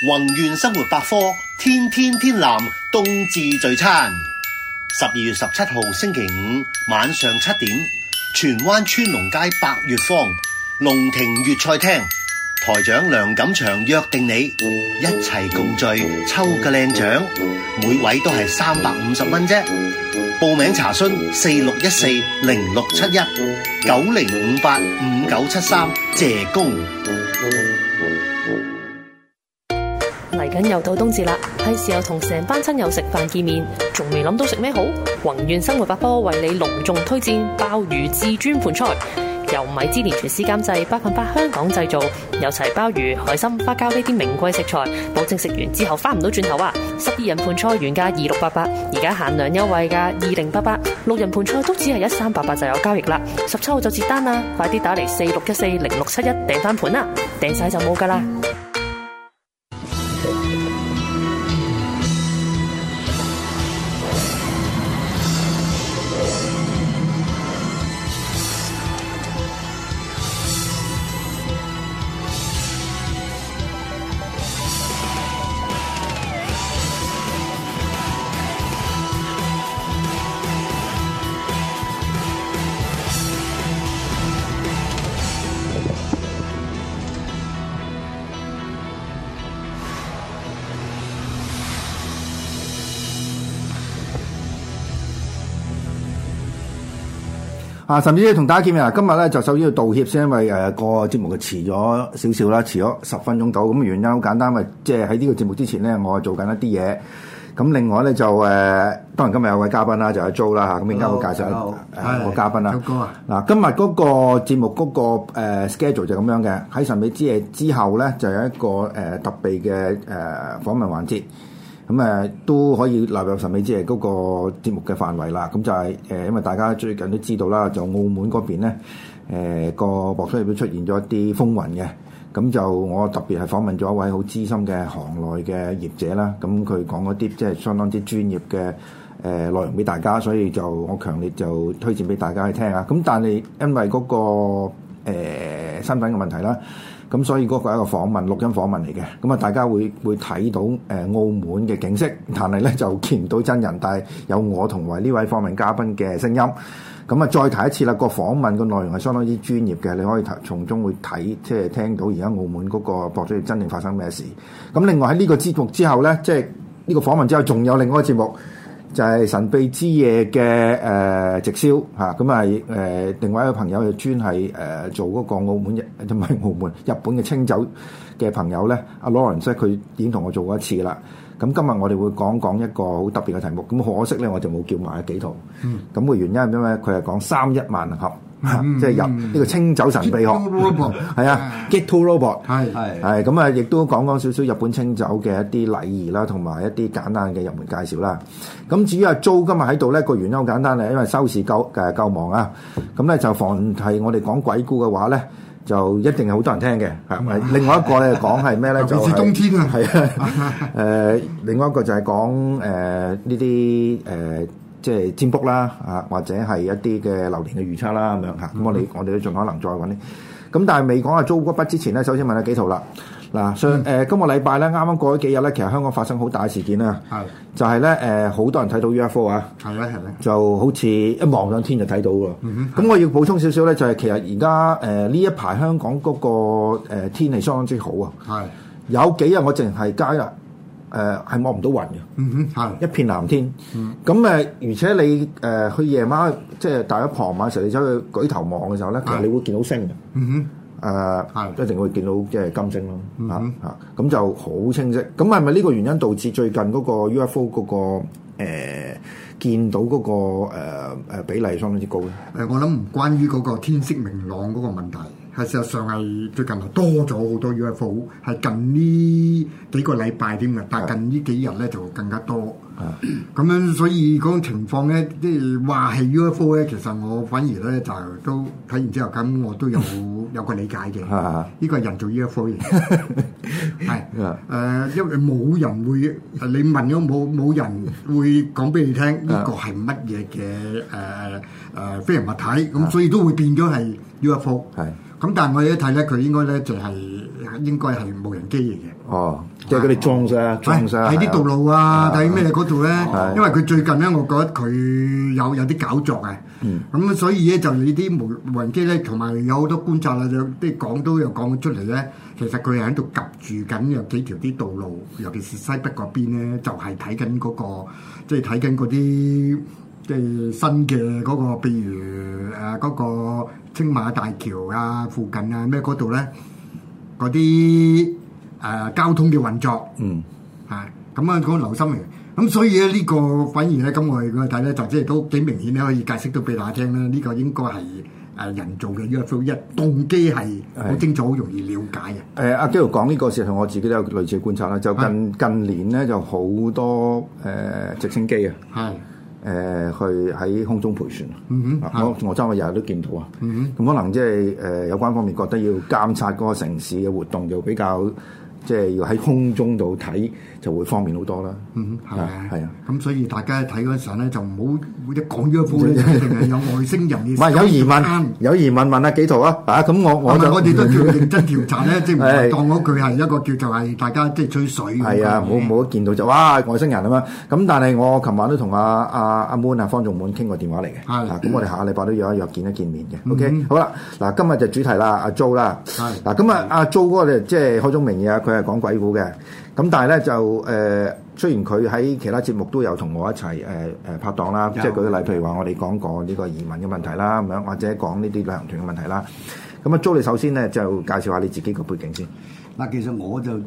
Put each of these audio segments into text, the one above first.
宏願生活百科天天天藍冬至聚餐，十二月十七號星期五晚上七點，荃灣川龍街百月坊龍庭粵菜廳台長梁錦祥約定你一齊共聚抽個靚獎，每位都係三百五十蚊啫。報名查詢四六一四零六七一九零五八五九七三謝工。嚟緊又到冬至啦，係時候同成班親友食飯見面，仲未諗到食咩好？宏願生活百科為你隆重推薦鮑魚至尊盤菜，由米芝蓮廚師監製，百分百香港製造，有齊鮑魚、海參、花膠呢啲名貴食材，保證食完之後翻唔到轉頭啊！十二人盤菜原價二六八八，而家限量優惠噶二零八八，六人盤菜都只係一三八八就有交易啦，十七號就截單啦，快啲打嚟四六一四零六七一訂翻盤啦，訂晒就冇噶啦！神秘之夜同大家見面啊！今日咧就首先要道歉，先因為誒個節目佢遲咗少少啦，遲咗十分鐘到。咁原因好簡單，咪即係喺呢個節目之前咧，我做緊一啲嘢。咁另外咧就誒、呃，當然今日有位嘉賓啦，就阿 Jo 啦吓。咁而家我介紹一個嘉賓啦。嗱 Hi.、啊，今日嗰個節目嗰、那個誒、呃、schedule 就咁樣嘅。喺神秘之夜之後咧，就有一個誒、呃、特備嘅誒訪問環節。咁誒都可以納入神秘之夜嗰個節目嘅範圍啦。咁就係誒，因為大家最近都知道啦，就澳門嗰邊咧，誒個博彩業都出現咗一啲風雲嘅。咁就我特別係訪問咗一位好資深嘅行內嘅業者啦。咁佢講嗰啲即係相當之專業嘅誒內容俾大家，所以就我強烈就推薦俾大家去聽啊。咁但係因為嗰個誒身份嘅問題啦。咁所以個係一個訪問錄音訪問嚟嘅，咁啊大家會會睇到，誒、呃、澳門嘅景色，但係咧就見唔到真人，但係有我同埋呢位訪問嘉賓嘅聲音。咁啊再睇一次啦，個訪問個內容係相當之專業嘅，你可以從中會睇即係聽到而家澳門嗰個博彩業真正發生咩事。咁另外喺呢個節目之後咧，即係呢個訪問之後仲有另外一個節目。就係神秘之夜嘅誒、呃、直銷嚇，咁啊誒另外一個朋友就專係誒、呃、做嗰個澳門日，唔係澳門日本嘅清酒嘅朋友咧，阿、啊、Lawrence 佢已經同我做過一次啦。咁、啊、今日我哋會講講一個好特別嘅題目。咁可惜咧，我就冇叫埋紀陶。咁個、嗯、原因因為佢係講三一萬盒。即係入呢個清酒神祕學，係啊，Get to robot，係係係咁啊，亦都講講少少日本清酒嘅一啲禮儀啦，同埋一啲簡單嘅入門介紹啦。咁至於阿 Joe 今日喺度咧，個原因好簡單啊，因為收視夠誒夠忙啊。咁咧就防係我哋講鬼故嘅話咧，就一定係好多人聽嘅。係咪？另外一個咧講係咩咧？就係冬天啊。係啊。誒，另外一個就係講誒呢啲誒。即係占卜啦，啊或者係一啲嘅流年嘅預測啦咁樣嚇，咁我哋我哋都盡可能再揾啲。咁但係未講啊租骨筆之前咧，首先問下幾套啦。嗱，上誒、呃、今個禮拜咧，啱啱過咗幾日咧，其實香港發生好大事件啦。係係、就係。就係咧誒，好多人睇到 UFO 啊。係咧係咧。就好似一望上天就睇到咯。咁係 我要補充少少咧，就係、係、其實而家誒呢一排香港嗰、嗰個、呃、天氣相當之好啊。係。係 有幾日我淨係街啦。誒，係望唔到雲嘅，係、mm hmm. 一片藍天。咁誒、mm hmm. 嗯，而且你誒、呃，去夜晚即係大約傍晚時候，你走去舉頭望嘅時候咧，mm hmm. 其實你會見到星嘅。嗯哼，誒，一定會見到即係金星咯。吓吓、mm，咁、hmm. 啊、就好清晰。咁係咪呢個原因導致最近嗰個 UFO 嗰、那個誒、呃、見到嗰、那個誒誒、呃、比例相當之高咧？誒、呃，我諗唔關於嗰個天色明朗嗰個問題。事實上係最近係多咗好多 UFO，係近呢幾個禮拜添嘅，但係近呢幾日咧就更加多。咁樣 所以嗰種情況咧，即係話係 UFO 咧，其實我反而咧就都睇完之後，咁我都有有個理解嘅。呢 個係人造 UFO 嘅，係誒，因為冇人會，你問咗冇，冇人會講俾你聽呢個係乜嘢嘅誒誒飛行物體，咁所以都會變咗係 UFO。咁但係我一睇咧，佢應該咧就係、係、應該係無人機嚟嘅。哦，即係佢哋裝曬裝曬喺啲道路啊，睇咩嗰度咧？因為佢最近咧，我覺得佢有有啲搞作啊。咁、嗯嗯、所以咧就呢啲無無人機咧，同埋有好多觀察啦、啊，即啲講都有講出嚟咧。其實佢係喺度夾住緊有幾條啲道路，尤其是西北嗰邊咧，就係睇緊嗰個，即係睇緊嗰啲。就是即係新嘅嗰、那個，譬如誒嗰、啊那個青馬大橋啊、附近啊咩嗰度咧，嗰啲誒交通嘅運作，嗯啊、那個心，啊，咁啊講留心嚟咁所以咧呢個反而咧，咁我哋去睇咧就即係都幾明顯咧，可以解釋到俾大家聽啦。呢、這個應該係誒人造嘅 UFO，一個感覺，因為動機係好清楚、好的容易了解嘅。誒、呃、阿 Joe 講呢個時同我自己都有類似觀察啦，就近的近年咧就好多誒、呃、直升機啊，係。誒、呃、去喺空中盤旋、嗯哼，我我周末日日都見到啊。嗯哼，咁可能即係，誒、呃、有關方面覺得要監察嗰個城市嘅活動，就比較。即係要喺空中度睇就會方便好多啦。嗯，係啊？係啊。咁所以大家睇嗰時候咧，就唔好每一講咗一定係有外星人嘅。唔係有疑問，有疑問問阿紀陶啊？啊咁我我哋都叫認真調查咧，即係唔係當嗰句係一個叫做係大家即係吹水。係啊，唔好唔好見到就哇外星人啊嘛。咁但係我琴晚都同阿阿阿 moon 啊方仲滿傾過電話嚟嘅。咁我哋下個禮拜都約一約見一見面嘅。OK，好啦，嗱今日就主題啦，阿 Joe 啦。係。嗱今日阿 Joe 嗰個咧即係開宗明義啊，佢。係講鬼故嘅，咁但係咧就誒、呃，雖然佢喺其他節目都有同我一齊誒誒拍檔啦，有即係舉個例，譬如話我哋講過呢個移民嘅問題啦，咁樣或者講呢啲旅行團嘅問題啦，咁啊，Joe，你首先咧就介紹下你自己個背景先。嗱，其實我就誒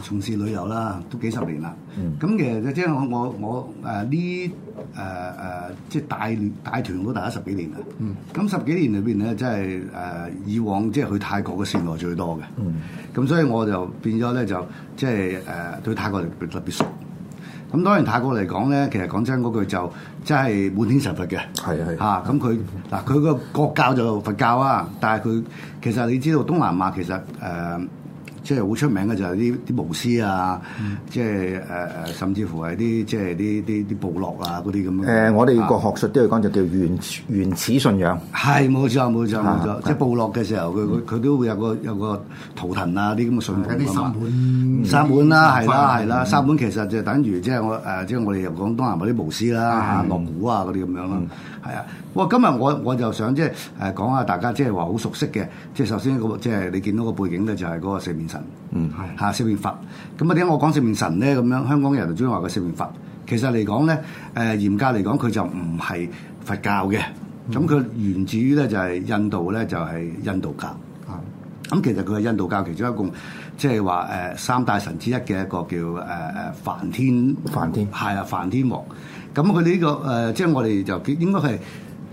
從事旅遊啦，都幾十年啦。咁其實即係我我誒呢誒誒，即係帶帶團都大家十幾年啦。咁十幾年裏邊咧，即係誒以往即係去泰國嘅線路最多嘅。咁所以我就變咗咧，就即係誒對泰國特別熟。咁當然泰國嚟講咧，其實講真嗰句就真係滿天神佛嘅，係係嚇。咁佢嗱佢個國教就佛教啊，但係佢其實你知道東南亞其實誒。即係好出名嘅就係啲啲巫師啊，嗯、即係誒誒，甚至乎係啲即係啲啲啲部落啊嗰啲咁樣。誒、呃，我哋個學術都要講就叫原、啊、原始信仰。係冇錯冇錯冇錯，即係部落嘅時候，佢佢都會有個有個圖騰啊啲咁嘅信仰，三本三本啦，係啦係啦，三本其實就等於即係我誒，即係我哋入廣東啊啲巫師啦，嚇、嗯，攞鼓啊嗰啲咁樣咯。嗯嗯嗯嗯嗯嗯嗯係啊，哇！今日我我就想即係誒講下大家即係話好熟悉嘅，即係首先個即係你見到個背景咧就係嗰個四面神，嗯係嚇四面佛。咁啊點解我講四面神咧咁樣？香港人就鍾意話個四面佛。其實嚟講咧，誒嚴格嚟講佢就唔係佛教嘅。咁佢、嗯、源自於咧就係印度咧就係印度教。啊、嗯，咁其實佢係印度教其中一個。即係話誒三大神之一嘅一個叫誒誒梵天，梵天係啊梵天王。咁佢呢個誒即係我哋就應應該係誒、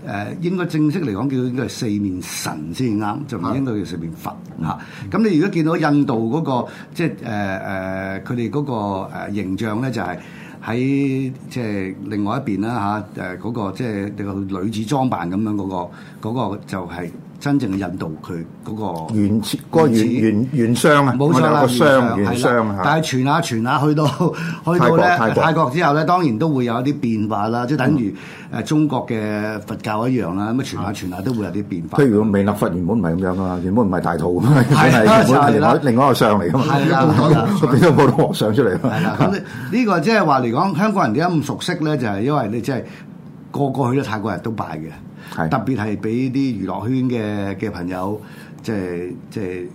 呃、應該正式嚟講叫應該係四面神先啱，的就唔應該叫四面佛嚇。咁、嗯啊、你如果見到印度嗰、嗰個即係誒誒佢哋嗰個形象咧，就係喺即係另外一邊啦嚇誒嗰個即係你個女子裝扮咁樣嗰個嗰、嗰個嗰個就係、係。真正嘅印度佢嗰個原嗰個原原原商啊，冇錯啦，原商係啦，但係傳下傳下去到去到咧泰國之後咧，當然都會有一啲變化啦，即係等於誒中國嘅佛教一樣啦，咁啊傳下傳下都會有啲變化。譬如個彌勒佛原本唔係咁樣㗎嘛，原本唔係大肚啊嘛，係另外另外一個相嚟噶嘛，咁講都冇個和尚出嚟。係啦，呢個即係話嚟講，香港人點解咁熟悉咧？就係因為你即係個個去咗泰國人都拜嘅。特別係俾啲娛樂圈嘅嘅朋友，即係即係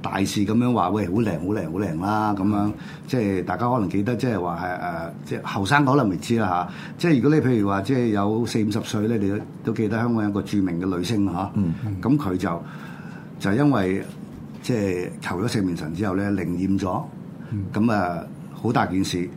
大肆咁樣話，喂，好靚，好靚，好靚啦！咁樣即係大家可能記得，即係話係誒，即係後生可能未知啦嚇。即係如果你譬如話，即係有四五十歲咧，你都記得香港有個著名嘅女星嚇，咁佢、嗯、就就因為即係求咗四面神之後咧，靈驗咗，咁啊好大件事。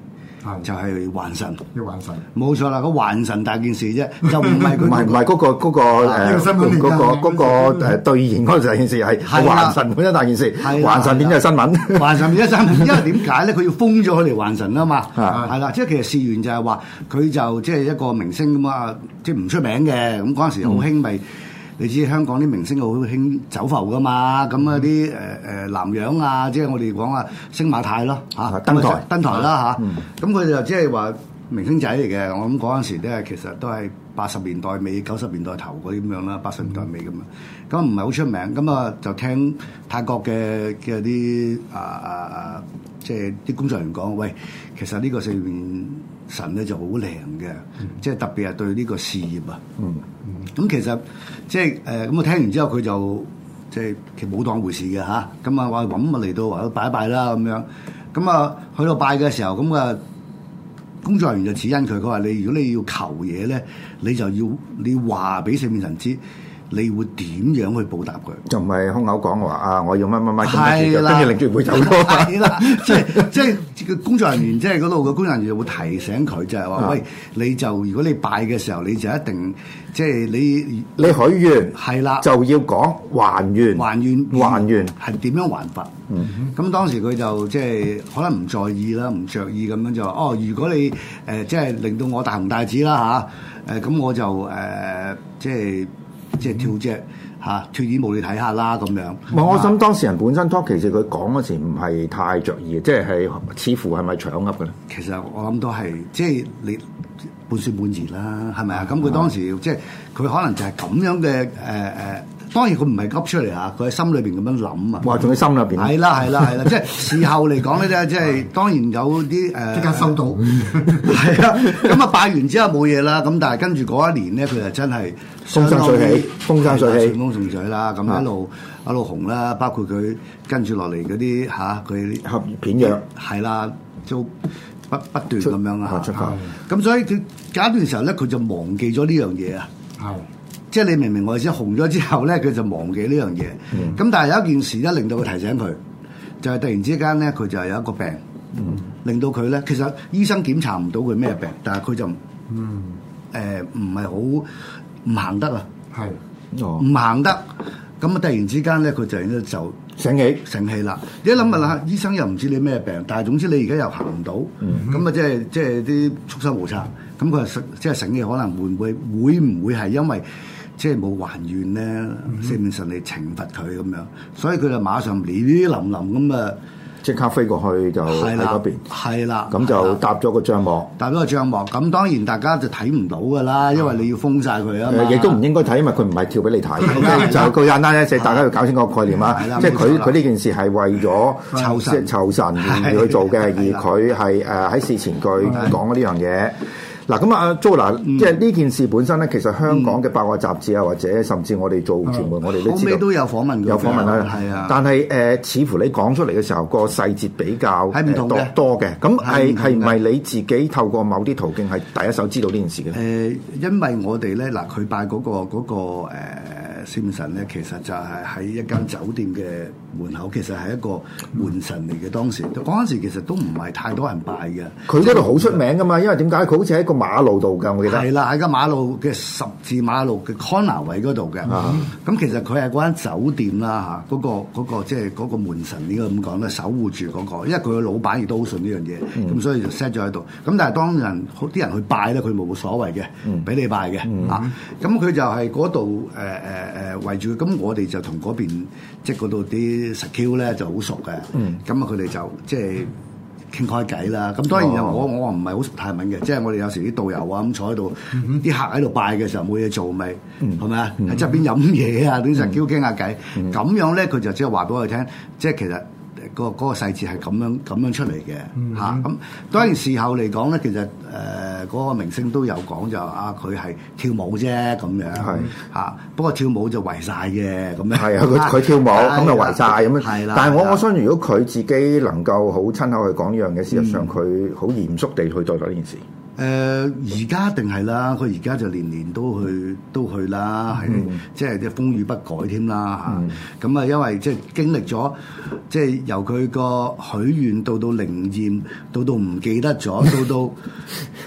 就係還神，要還神，冇錯啦！個還神大件事啫，就唔係佢，唔係唔係嗰個嗰個誒，嗰個嗰個誒對型嗰件事係還神嗰一大件事，還神點解係新聞，還神變咗新聞，因為點解咧？佢要封咗佢嚟還神啊嘛！係啦，即係其實事源就係話佢就即係一個明星咁嘛，即係唔出名嘅咁嗰陣時好興味。你知香港啲明星好興走埠㗎嘛？咁啊啲誒誒南洋啊，即係我哋講啊星馬泰咯嚇登台、啊、登台啦嚇。咁佢、嗯啊、就即係話明星仔嚟嘅。我諗嗰陣時咧，其實都係八十年代尾九十年代頭嗰啲咁樣啦，八十年代尾咁啊。咁唔係好出名。咁啊就聽泰國嘅嘅啲啊啊啊，即係啲工作人員講：喂，其實呢個四面神咧就好靈嘅，即、就、係、是、特別係對呢個事業啊。嗯嗯。咁其實即係誒，咁我聽完之後佢就即係其實冇當回事嘅嚇。咁啊話揾、嗯、啊嚟到話拜拜啦咁樣。咁啊去到拜嘅時候，咁、嗯、啊工作人員就指引佢，佢話你如果你要求嘢咧，你就要你話俾四面神知。你會點樣去報答佢？就唔係空口講話啊！我要乜乜乜，跟住跟住立即會走咗。係啦、就是，即係即係工作人員，即係嗰度嘅工作人員就會提醒佢，就係話：「喂，你就如果你拜嘅時候，你就一定即係你你，你許願係啦，就要講還願，還願，還願係點樣還法？」咁、嗯嗯、當時佢就即係、就是、可能唔在意啦，唔着意咁樣就話：哦，如果你誒、呃、即係令到我大紅大紫啦嚇，誒咁我就誒即係。嗯嗯嗯嗯即係跳隻嚇脱衣舞，你睇下啦咁樣。唔係、嗯，我諗當事人本身 talking，其實佢講嗰時唔係太着意，即係係似乎係咪搶噏嘅咧？其實我諗都係，即係你半説半疑啦，係咪啊？咁佢當時、嗯、即係佢可能就係咁樣嘅誒誒。呃呃當然佢唔係急出嚟嚇，佢喺心裏邊咁樣諗啊！哇，仲喺心裏邊。係啦係啦係啦，即係事後嚟講咧，即係當然有啲誒。即刻收到，係啦。咁啊拜完之後冇嘢啦，咁但係跟住嗰一年咧，佢就真係風生水起，風生水起，風生水起啦。咁一路一路紅啦，包括佢跟住落嚟嗰啲嚇，佢合片約係啦，就不不斷咁樣嚇。出發。咁所以佢隔一段時候咧，佢就忘記咗呢樣嘢啊。係。即係你明唔明我意思？紅咗之後咧，佢就忘記呢樣嘢。咁但係有一件事咧，令到佢提醒佢，就係、是、突然之間咧，佢就有一個病，令到佢咧，其實醫生檢查唔到佢咩病，但係佢就，誒唔係好唔行得啊。係的，唔行得。咁啊，突然之間咧，佢就咧就醒起醒起啦。你一諗下，啦，嗯、醫生又唔知你咩病，但係總之你而家又行唔到，咁啊、嗯嗯，即係即係啲束手無策。咁佢啊，即係醒起，可能會唔會會唔會係因為？即係冇還原咧，四面神嚟懲罰佢咁樣，所以佢就馬上連連淋淋咁啊，即刻飛過去就喺嗰邊，係啦，咁就搭咗個帳幕，搭咗個帳幕。咁當然大家就睇唔到噶啦，因為你要封晒佢啊嘛。亦都唔應該睇，因為佢唔係跳俾你睇，就係最簡單一隻，大家要搞清個概念啊。即係佢佢呢件事係為咗求神求神而去做嘅，而佢係誒喺事前佢講咗呢樣嘢。嗱咁啊，阿 Jo，嗱，即係呢件事本身咧，其實香港嘅八卦雜誌啊，或者甚至我哋做傳媒，嗯、我哋都知都有訪問嘅，有訪問啦，係啊的。但係誒，似乎你講出嚟嘅時候，個細節比較唔同，呃、多多嘅。咁係係唔係你自己透過某啲途徑係第一手知道呢件事嘅？誒、呃，因為我哋咧，嗱，佢拜嗰，那個嗰，那個誒。呃先神咧，其實就係喺一間酒店嘅門口，其實係一個門神嚟嘅。當時嗰陣時，其實都唔係太多人拜嘅。佢嗰度好出名噶嘛，因為點解佢好似喺個馬路度噶？我記得係啦，喺個馬路嘅十字馬路嘅 corner 位嗰度嘅。咁、嗯、其實佢係間酒店啦嚇，嗰、那個即係嗰個門神應該咁講咧，守護住嗰、那個。因為佢嘅老闆亦都好信呢樣嘢，咁、嗯、所以就 set 咗喺度。咁但係當人好啲人去拜咧，佢冇所謂嘅，俾你拜嘅、嗯嗯、啊。咁佢就係嗰度誒誒。呃誒、呃、圍住佢，咁我哋就同嗰邊即係嗰度啲實 Q 咧就好熟嘅，咁啊佢哋就即係傾開偈啦。咁、嗯、當然、嗯、我我唔係好熟泰文嘅，即係我哋有時啲導遊啊咁坐喺度，啲、嗯嗯、客喺度拜嘅時候冇嘢做咪，係咪啊？喺側邊飲嘢啊，啲實 Q 傾下偈，咁、嗯、樣咧佢就即係話俾我哋聽，即係其實。個嗰個細節係咁樣咁樣出嚟嘅嚇，咁、嗯啊、當然事後嚟講咧，其實誒嗰、呃那個明星都有講就啊，佢係跳舞啫咁樣係嚇，不過跳舞就違晒嘅咁樣。係啊的，佢佢跳舞咁就違晒。咁樣的。係啦，但係我我相信，如果佢自己能夠好親口去講呢樣嘢，事實上佢好嚴肅地去對待呢件事。誒而家定係啦，佢而家就年年都去都去啦，係、嗯、即係啲風雨不改添啦嚇。咁啊、嗯，因為即係經歷咗，即係由佢個許願到到靈驗，到到唔記得咗，到到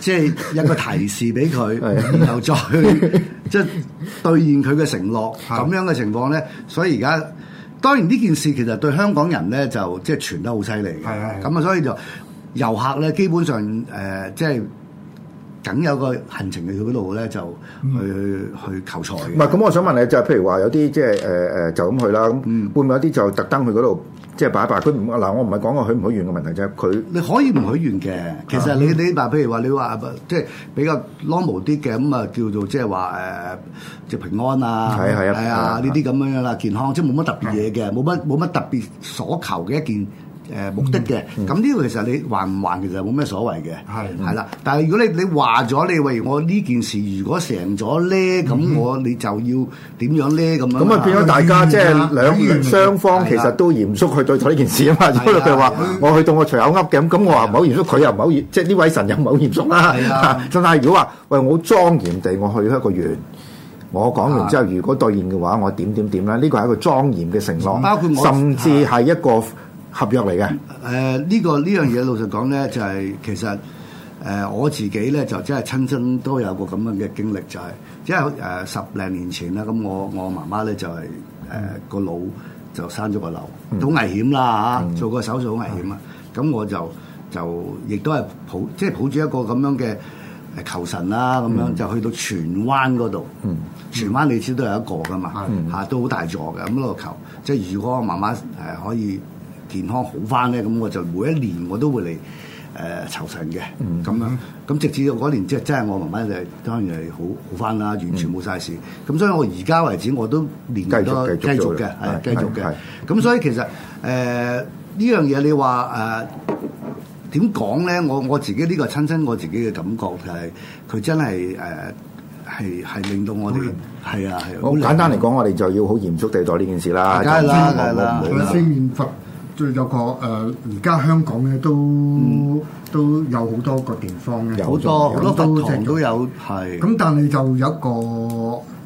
即係一個提示俾佢， 然後再去即係兌現佢嘅承諾咁的樣嘅情況咧。所以而家當然呢件事其實對香港人咧就即係傳得好犀利嘅，咁啊，所以就遊客咧基本上誒即係。呃就是梗有個行程去嗰度咧，就去、嗯、去求財唔係，咁我想問你，就係、係、譬如話有啲即係誒誒，就咁去啦。咁會唔會有啲就特登去嗰度，即係拜一拜佢唔嗱，我唔係講話許唔許願嘅問題，啫，佢你可以唔許願嘅。其實你你嗱，譬如話你話即係比較 normal 啲嘅咁啊，叫做即係話誒，就係呃、平安啊，係啊係啊，係啊呢啲咁樣啦，健康、嗯、即係冇乜特別嘢嘅，冇乜冇乜特別所求嘅一件。誒目的嘅，咁呢個其實你還唔還其實冇咩所謂嘅，係係啦。但係如果你你話咗，你喂我呢件事如果成咗咧，咁我你就要點樣咧咁樣。咁啊變咗大家即係兩方雙方其實都嚴肅去對待呢件事啊嘛。如果佢話我去到我隨口噏嘅，咁咁我唔好嚴肅，佢又唔好嚴，即係呢位神又唔好嚴肅啦。但係，如果話喂我莊嚴地我去一個願，我講完之後如果兌現嘅話，我點點點咧，呢個係一個莊嚴嘅承諾，包括甚至係一個。合約嚟嘅，誒呢、呃這個呢樣嘢老實講咧，就係、是、其實誒、呃、我自己咧就真係親身都有個咁樣嘅經歷，就係、是、即係誒、呃、十零年前啦，咁我我媽媽咧就係、是、誒、呃嗯、個腦就生咗個瘤，好危險啦嚇、嗯啊，做個手術好危險啊，咁是的 我就就亦都係抱即係抱住一個咁樣嘅求神啦，咁樣、嗯、就去到荃灣嗰度，嗯、荃灣你知都有一個噶嘛嚇，嗯嗯、都好大座嘅咁、嗯那個球，即、就、係、是、如果我媽媽誒可以。健康好翻咧，咁我就每一年我都會嚟誒酬神嘅，咁樣咁直至到嗰年即係真係我媽媽就當然係好好翻啦，完全冇晒事。咁所以我而家為止我都年年都繼續嘅，係繼續嘅。咁所以其實誒呢樣嘢你話誒點講咧？我我自己呢個親親身我自己嘅感覺就係佢真係誒係係令到我哋係啊，係。好簡單嚟講，我哋就要好嚴肅地對待呢件事啦。梗係啦，啦，就有個誒，而、呃、家香港咧都、嗯、都有好多個地方咧，好多好多佛堂都有係。咁但係就有一個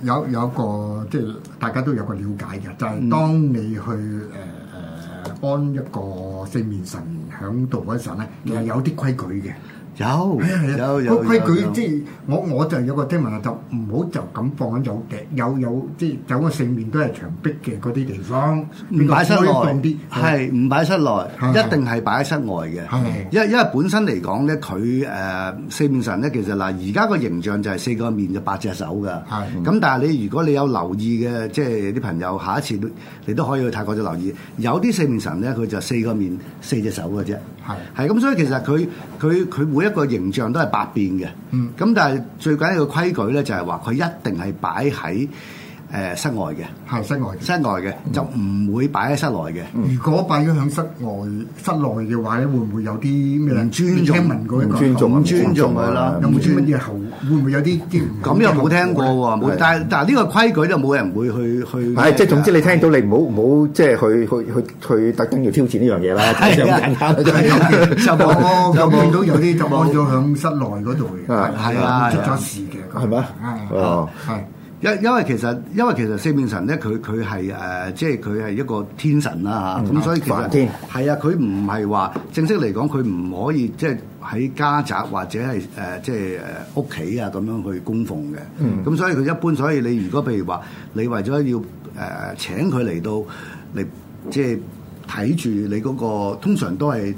有有一個即係大家都有個了解嘅，就係、是、當你去誒誒安一個四面神響度嗰時候咧，你係有啲規矩嘅。有有有，規矩，即係我我就有個聽聞啊，就唔好就咁放喺有地有有即係有個四面都係牆壁嘅嗰啲地方，唔擺室內，係唔擺室內，一定係擺喺室外嘅。係，因因為本身嚟講咧，佢誒四面神咧，其實嗱而家個形象就係四個面就八隻手噶。係咁，但係你如果你有留意嘅，即係啲朋友下一次你都可以去泰國就留意，有啲四面神咧，佢就四個面四隻手噶啫。係咁，所以其實佢佢佢每一個形象都係百變嘅，嗯，咁但係最緊要嘅規矩咧就係話佢一定係擺喺。誒室外嘅，係室外，室外嘅就唔會擺喺室內嘅。如果擺咗喺室外，室內嘅話咧，會唔會有啲咩咧？唔尊重，唔尊重佢咯。唔尊重嘅後，會唔會有啲啲咁又冇聽過喎？冇，但係呢個規矩都冇人會去去即係總之你聽到你唔好唔好即係去去去去特登要挑戰呢樣嘢啦。就冇，見到有啲就冇咗喺室內嗰度嘅，係啊，出咗事嘅，係咪啊？哦，係。因因為其實因為其實四面神咧，佢佢係誒，即係佢係一個天神啦嚇，咁、嗯、所以其實係啊，佢唔係話正式嚟講，佢唔可以即係喺家宅或者係誒即係誒屋企啊咁樣去供奉嘅。咁、嗯、所以佢一般，所以你如果譬如話，你為咗要誒請佢嚟到嚟即係睇住你嗰個，通常都係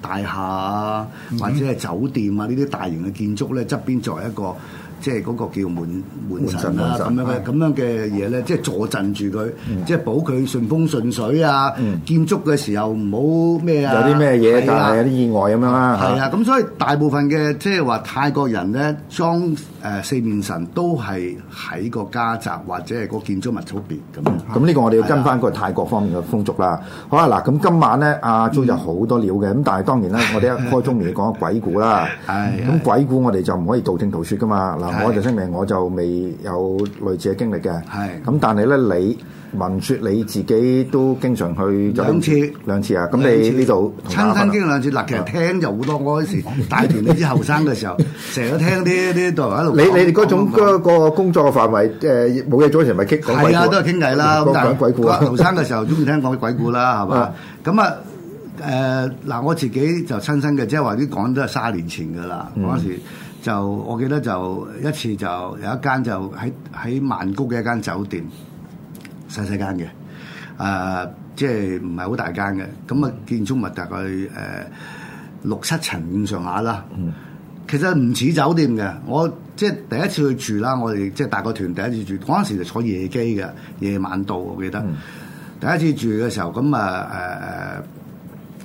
大廈啊或者係酒店啊呢啲大型嘅建築咧側邊作為一個。即係嗰個叫門門神咁、啊、樣嘅咁的樣嘅嘢咧，即係助陣住佢，即係、嗯、保佢順風順水啊！嗯、建築嘅時候唔好咩啊？有啲咩嘢，啊、但係有啲意外咁樣啦。係啊，咁所以大部分嘅即係話泰國人咧裝。誒、呃、四面神都係喺個家宅或者係個建築物組別咁。咁呢、嗯、個我哋要跟翻個泰國方面嘅風俗啦。的好啦嗱，咁今晚咧，阿 Joe 就好多料嘅。咁、嗯、但係當然啦，嗯、我哋一開宗明義講鬼故啦。咁、哎哎、鬼故我哋就唔可以道聽途說噶嘛。嗱的，我就聲明，我就未有類似嘅經歷嘅。咁的但係咧，你。聞説你自己都經常去兩次兩次啊！咁你呢度、啊、親身經歷兩次。嗱其實聽就好多。我嗰時帶團你啲後生嘅時候，成日聽啲啲導遊喺度你你哋嗰種個工作嘅範圍，誒冇嘢做成咪傾講鬼故係啊，都係傾偈啦。咁講但鬼故但、嗯、啊！後生嘅時候中意聽講啲鬼故啦，係、呃、嘛？咁啊誒嗱，我自己就親身嘅，即係話啲講都係卅年前嘅啦。嗰時就我記得就一次就有一間就喺喺曼谷嘅一間酒店。細細間嘅，誒、呃，即係唔係好大間嘅，咁啊，建築物大概誒、呃、六七層咁上下啦。其實唔似酒店嘅，我即係第一次去住啦，我哋即係大個團第一次住，嗰陣時就坐夜機嘅，夜晚到我記得，嗯、第一次住嘅時候，咁啊誒。呃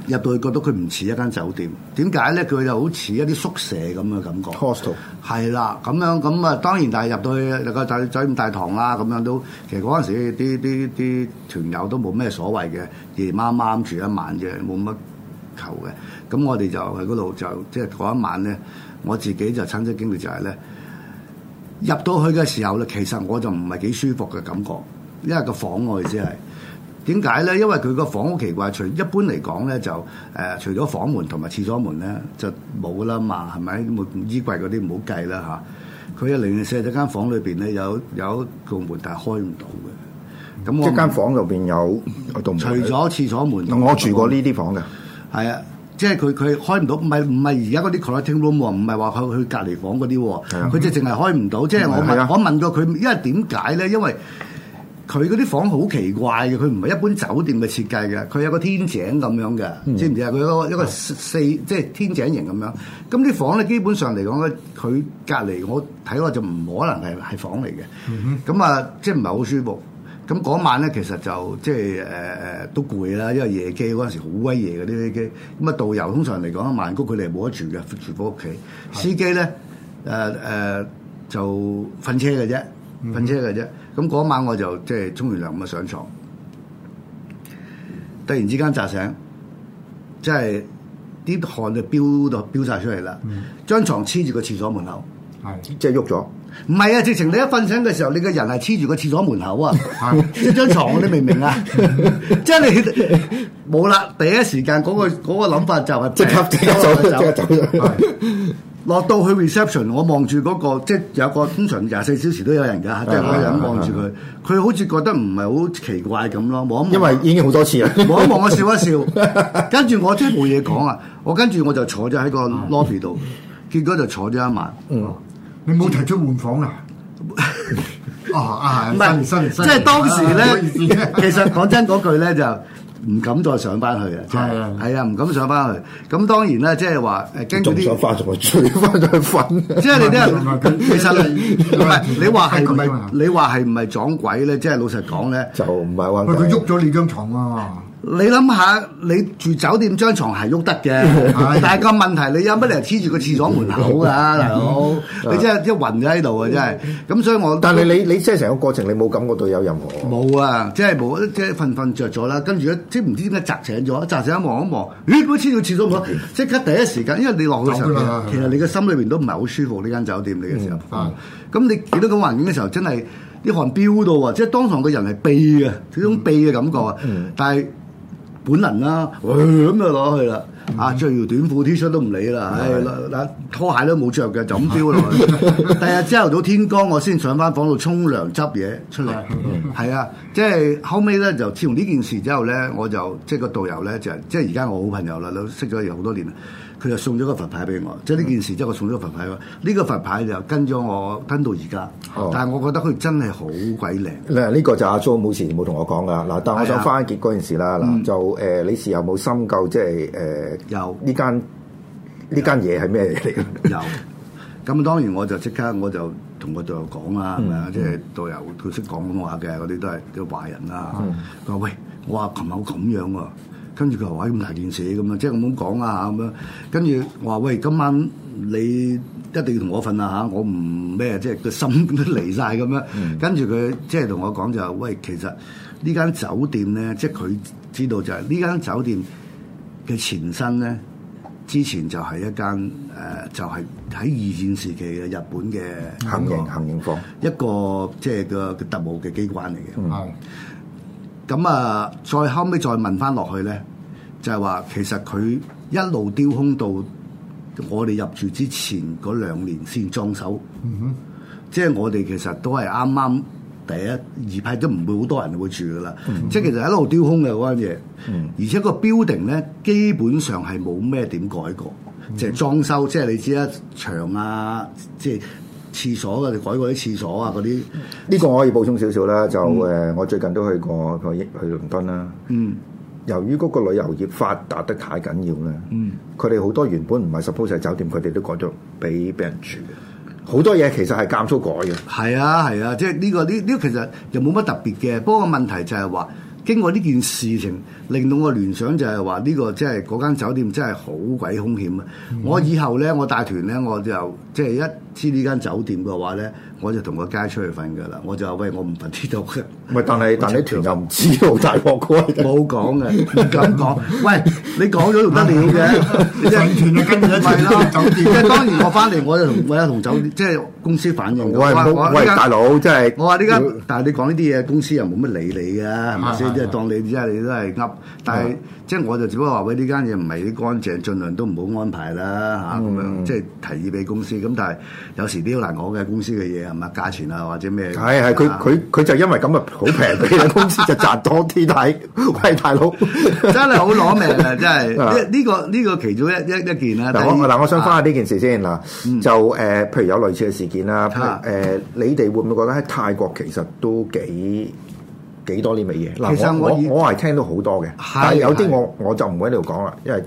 入到去覺得佢唔似一間酒店，點解咧？佢就好似一啲宿舍咁嘅感覺。Hostel 係啦，咁 樣咁啊，當然，但係入到去，入個走走大堂啦，咁樣都，其實嗰陣時啲啲啲團友都冇咩所謂嘅，夜晚晚住一晚啫，冇乜求嘅。咁我哋就喺嗰度就即係嗰一晚咧，我自己就親身經歷就係咧，入到去嘅時候咧，其實我就唔係幾舒服嘅感覺，因為個房外先係。點解咧？因為佢個房好奇怪，除一般嚟講咧，就誒、呃、除咗房門同埋廁所門咧，就冇啦嘛，係咪？冇衣櫃嗰啲唔好計啦嚇。佢啊，零舍咗間房裏邊咧，有有一個門，但係開唔到嘅。咁我即間房入邊有個洞，除咗廁所門，我住過呢啲房嘅。係啊，即係佢佢開唔到，唔係唔係而家嗰啲 collecting room 喎，唔係話佢去隔離房嗰啲喎，佢、嗯、就淨係開唔到。即係、嗯、我問的我問過佢，因為點解咧？因為佢嗰啲房好奇怪嘅，佢唔係一般酒店嘅設計嘅，佢有個天井咁樣嘅，嗯、知唔知啊？佢個一個四、嗯、即係天井型咁樣。咁啲房咧，基本上嚟講咧，佢隔離我睇落就唔可能係係房嚟嘅。咁啊、嗯哼，即係唔係好舒服。咁嗰晚咧，其實就即係誒誒都攰啦，因為夜機嗰陣時好威夜嘅啲機。咁啊，導遊通常嚟講曼谷佢哋係冇得住嘅，住返屋企。嗯、司機咧誒誒就瞓車嘅啫。瞓車嘅啫，咁嗰晚我就即係沖完涼咁啊上床，突然之間扎醒，即係啲汗就飆到飆晒出嚟啦，張床黐住個廁所門口，係是的 即係喐咗，唔係啊，直情你一瞓醒嘅時候，你個人係黐住個廁所門口啊，一張床你明唔明啊？即係你冇啦，第一時間嗰個嗰個諗法就係即刻即刻走走。落到去 reception，我望住嗰個，即係有個通常廿四小時都有人㗎的即係我咁望住佢，佢好似覺得唔係好奇怪咁咯，望，因為已經好多次啦，望一望我， 笑一笑，跟住我即係冇嘢講啊，我跟住我就坐咗喺個 lobby 度，結果就坐咗一晚。嗯、你冇提出換房 啊？唔係，即係當時咧，啊、 其實講真嗰句咧就。唔敢再上翻去啊！係啊，係啊，唔敢上翻去。咁當然啦，即係話誒，跟住啲，仲想翻再瞓？即係你啲人，其實你唔係你話係唔係你話係唔係撞鬼咧？即係老實講咧，就唔係話。佢喐咗你張牀啊！你諗下，你住酒店張床係喐得嘅，但係個問題，你有乜理由黐住個廁所門口㗎？大佬，你真係一 暈喺度啊！真係咁，所以我但係你你即係成個過程，你冇感覺到有任何冇啊！即係冇，即係瞓瞓着咗啦。跟住即唔知點解擲醒咗，擲醒一望一望，咦？點解黐到廁所門口，即刻第一時間，因為你落嗰時候，吧其實你嘅心裏邊都唔係好舒服呢間酒店你嘅時候，咁你見到個環境嘅時候，真係啲汗飆到啊！即係當堂個人係痹嘅，嗰種痹嘅感覺啊。嗯、但係本能啦，咁就攞去啦。啊，著、呃、條、嗯啊、短褲 T 恤都唔理啦，係啦吧，嗱拖鞋都冇着嘅，就咁飆落去。第二日朝頭早天光，我先上翻房度沖涼執嘢出嚟。係 啊，即係後尾咧，就完呢件事之後咧，我就即係個導遊咧，就即係而家我好朋友啦，老識咗又好多年。佢就送咗個佛牌俾我，即係呢件事即係我送咗個佛牌。呢個佛牌就跟咗我跟到而家，但係我覺得佢真係好鬼靚。嗱，呢個就阿 Joe 冇事冇同我講噶。嗱，但係我想翻結嗰件事啦。嗱，就誒，你時有冇深究即係誒？有呢間呢間嘢係咩嚟㗎？有咁當然我就即刻我就同個導遊講啦，即係導遊佢識講話嘅，嗰啲都係都壞人啦。佢話：喂，我話琴日咁樣喎。跟住佢又喺咁大件事咁樣，即係咁講啊咁樣。跟住我話：喂，今晚你一定要同我瞓啊嚇！我唔咩，即係個心都離晒咁樣。跟住佢即係同我講就係：喂，其實呢間酒店咧，即係佢知道就係呢間酒店嘅前身咧，之前就係一間誒、呃，就係、係、喺二戰時期嘅日本嘅行刑行刑房，一個即係個特務嘅機關嚟嘅。嗯咁啊，再後尾再問翻落去咧，就係、是、話其實佢一路雕空到我哋入住之前嗰兩年先裝修，嗯、哼即係我哋其實都係啱啱第一二批都唔會好多人會住噶啦，嗯、哼即係其實一路雕空嘅嗰間嘢，嗯、而且個 building 咧基本上係冇咩點改過，嗯、哼即係裝修，即係你知啦，牆啊，即係。廁所嘅，你改過啲廁所啊，嗰啲呢個我可以補充少少啦。就誒，嗯、我最近都去過去去倫敦啦。嗯，由於嗰個旅遊業發達得太緊要啦。嗯，佢哋好多原本唔係 suppose 係酒店，佢哋都改咗俾俾人住。好多嘢其實係間中改嘅。係啊，係啊，即係、呢、呢個呢呢，呢個、其實又冇乜特別嘅。不過問題就係話。經過呢件事情，令到我聯想就係話呢個即係嗰間酒店真係好鬼兇險啊！嗯、我以後咧，我帶團咧，我就即係、就係、一知呢間酒店嘅話咧。我就同個街出去瞓噶啦，我就話：喂，我唔瞓呢度嘅。喂，但係但係團又唔知道大貨過嚟嘅，冇講嘅，唔敢講。喂，你講咗都唔得了嘅，即係團就跟咗即係當年我翻嚟，我就同我一同酒店，即係公司反應。喂，喂，大佬，即係我話呢間。但係你講呢啲嘢，公司又冇乜理你嘅，係咪先？即係當你即係你都係噏。但係即係我就只不過話喂，呢間嘢唔係啲乾淨，儘量都唔好安排啦嚇咁樣，即係提議俾公司。咁但係有時啲好難講嘅公司嘅嘢。物價錢啊，或者咩？係係，佢佢佢就因為咁啊，好平啲，公司就賺多啲。大喂，大佬真係好攞命啊！真係。呢呢個呢個其中一一一件啊。嗱，我我想返下呢件事先嗱，就誒，譬如有類似嘅事件啊，誒，你哋會唔會覺得喺泰國其實都幾幾多啲咩嘢？其實我我係聽到好多嘅，但係有啲我我就唔會喺度講啦，因為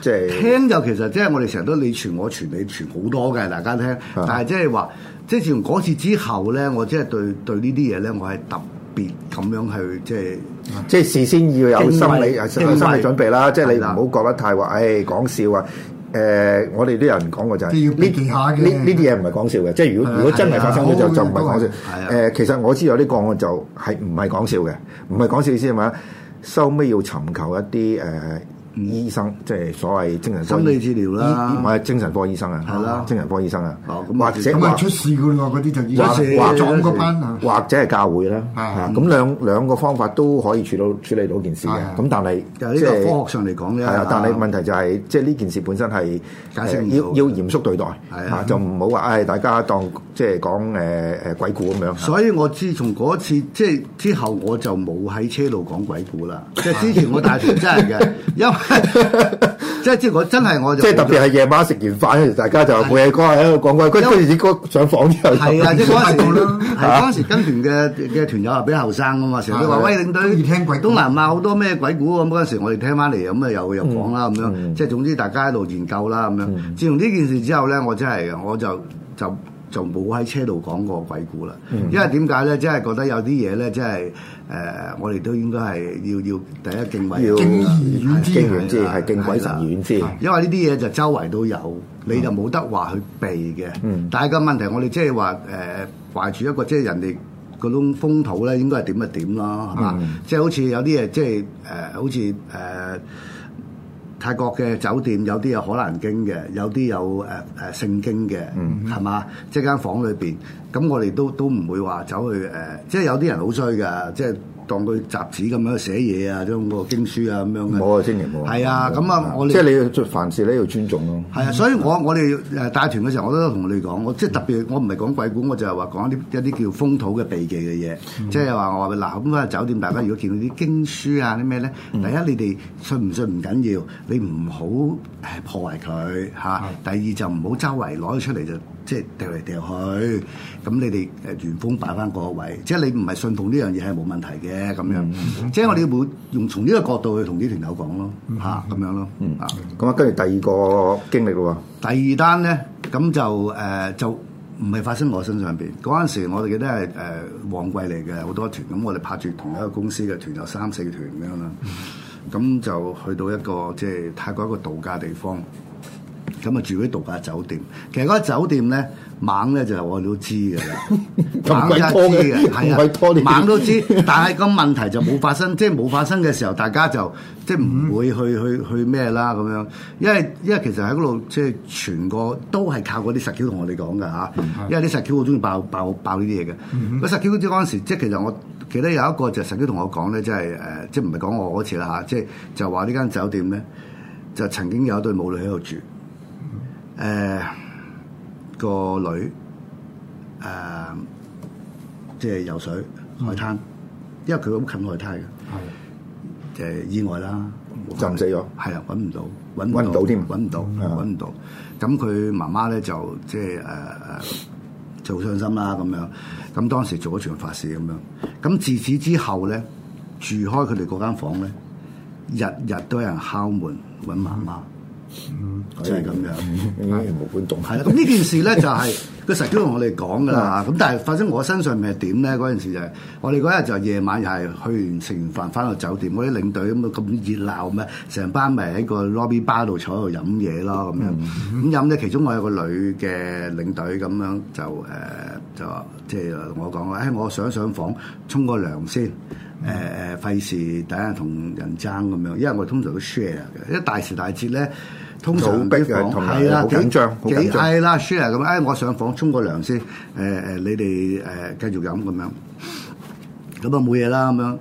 即係聽就其實即係我哋成日都你傳我傳你傳好多嘅，大家聽，但係即係話。即係自從嗰次之後咧，我真係對對呢啲嘢咧，我係特別咁樣去即係，即係事先要有心理有迷心理準備啦。即係是你唔好的覺得太話，唉、哎、講笑啊！誒、呃，我哋都有人講過就係呢呢啲嘢唔係講笑嘅。即係如果的如果真係發生咗就的就唔係講笑。誒，其實我知道呢個案就係唔係講笑嘅，唔係講笑意思係嘛？收尾要尋求一啲誒，呃醫生即係所謂精神心理治療啦，唔係精神科醫生啊，係啦，精神科醫生啊，或者咁啊出事噶喎，嗰啲就或者或者班，或者係教會啦，咁兩兩個方法都可以處理處理到件事嘅，咁但係呢個科學上嚟講咧，但係問題就係即係呢件事本身係解釋要要嚴肅對待，嚇就唔好話唉，大家當即係講誒誒鬼故咁樣。所以我自從嗰次即係之後，我就冇喺車路講鬼故啦。即係之前我大條真係嘅，因 即係即係我真係我就即係特別係夜晚食完飯大家就冇嘢講喺度講嘅，跟住嗰時哥上房之後去，係啊的，即嗰時，係嗰時跟團嘅嘅團友啊，比較後生咁嘛，成日都話喂，領隊，聽鬼，鬼，鬼，東南亞好多咩鬼故咁嗰、嗯、時，我哋聽翻嚟咁啊，又入房啦咁樣，即係、嗯、總之大家一路研究啦咁樣。自從呢件事之後咧，我真、就、係、是、我就就。就冇喺車度講過鬼故啦，嗯、因為點解咧？即係覺得有啲嘢咧，即係誒，我哋都應該係要要第一敬畏，敬遠之，敬遠之，敬鬼的神遠之。的因為呢啲嘢就周圍都有，嗯、你就冇得話去避嘅。嗯、但係個問題我，我哋即係話誒，懷住一個即係、就是、人哋嗰種風土咧，應該係點、嗯啊、就點、是、咯，嚇。即係好似有啲嘢，即係誒，好似誒。呃呃泰國嘅酒店有啲有《可蘭經》嘅，有啲有誒誒聖經嘅，係嘛？mm hmm. 即係間房裏邊，咁我哋都都唔會話走去誒，呃，即係有啲人好衰㗎，即係。當佢雜誌咁樣寫嘢啊，咁個經書啊咁樣嘅。冇啊，清廉冇。係啊，咁啊們，我即係你要做凡事咧要尊重咯、啊。係啊，所以我我哋誒帶團嘅時候，我都同你講，我即係、就是、特別，我唔係講鬼故，我就係話講一啲一啲叫風土嘅秘忌嘅嘢。即係話我話嗱，咁、啊、嗰、那個酒店，大家如果見到啲經書啊啲咩咧，第一你哋信唔信唔緊要，你唔好誒破壞佢嚇、啊。第二就唔好周圍攞咗出嚟就。即係掉嚟掉去，咁你哋誒原封擺翻個位，即係你唔係信奉呢樣嘢係冇問題嘅咁樣。嗯嗯、即係我哋會用從呢個角度去同啲團友講咯，嚇咁、嗯嗯、樣咯。啊、嗯，咁啊，跟住第二個經歷嘞喎。第二單咧，咁就誒、呃、就唔係發生我身上邊。嗰陣時我哋記得係誒旺季嚟嘅，好、呃、多團。咁我哋拍住同一個公司嘅團友，有三四團咁樣啦。咁、嗯、就去到一個即係、就是、泰國一個度假地方。咁啊住喺度假酒店，其實嗰個酒店咧猛咧就係我哋都知嘅， 拖猛都知嘅， 的猛都知。 但係個問題就冇發生， 即係冇發生嘅時候，大家就即係唔會去去去咩啦咁樣。因為 因為其實喺嗰度即係全個都係靠嗰啲實 Q 同我哋講嘅嚇，因為啲實 Q 好中意爆爆爆呢啲嘢嘅。嗰實 Q 嗰嗰陣時，即係其實我記得有一個就實 Q 同我講咧、就是，即係誒，即係唔係講我嗰次啦嚇，即係就話、是、呢間酒店咧就曾經有一對母女喺度住。誒、呃那個女誒、呃、即係游水海灘，因為佢好近海灘嘅，誒的意外啦，浸死咗，係啊，揾唔到，揾唔到添，揾唔到，揾唔到。咁佢的、嗯、媽媽咧就即係誒誒就好傷心啦咁樣。咁當時做咗場法事咁樣。咁自此之後咧，住開佢哋嗰間房咧，日日都有人敲門揾媽媽。嗯。嗯，即係咁樣，冇搬動。係啦，咁呢件事咧就係。佢實都同我哋講噶啦，咁但係發生我身上係點咧？嗰陣時就係我哋嗰日就夜晚又係去完食完飯翻到酒店，嗰啲領隊咁咁熱鬧咩？成班咪喺個 lobby bar 度坐喺度飲嘢咯咁、mm hmm. 樣。咁飲咧，其中我有個女嘅領隊咁樣就誒、呃、就即係同我講誒，我上上房沖個涼先，誒誒，費、呃、事等下同人爭咁樣。因為我通常都 share 嘅，因為大時大節咧。通常嘅係啦，景象係啦，share 咁，哎、啊幾，我上房沖個涼先，誒、呃、誒，你哋誒、呃、繼續飲咁樣，咁啊冇嘢啦咁樣，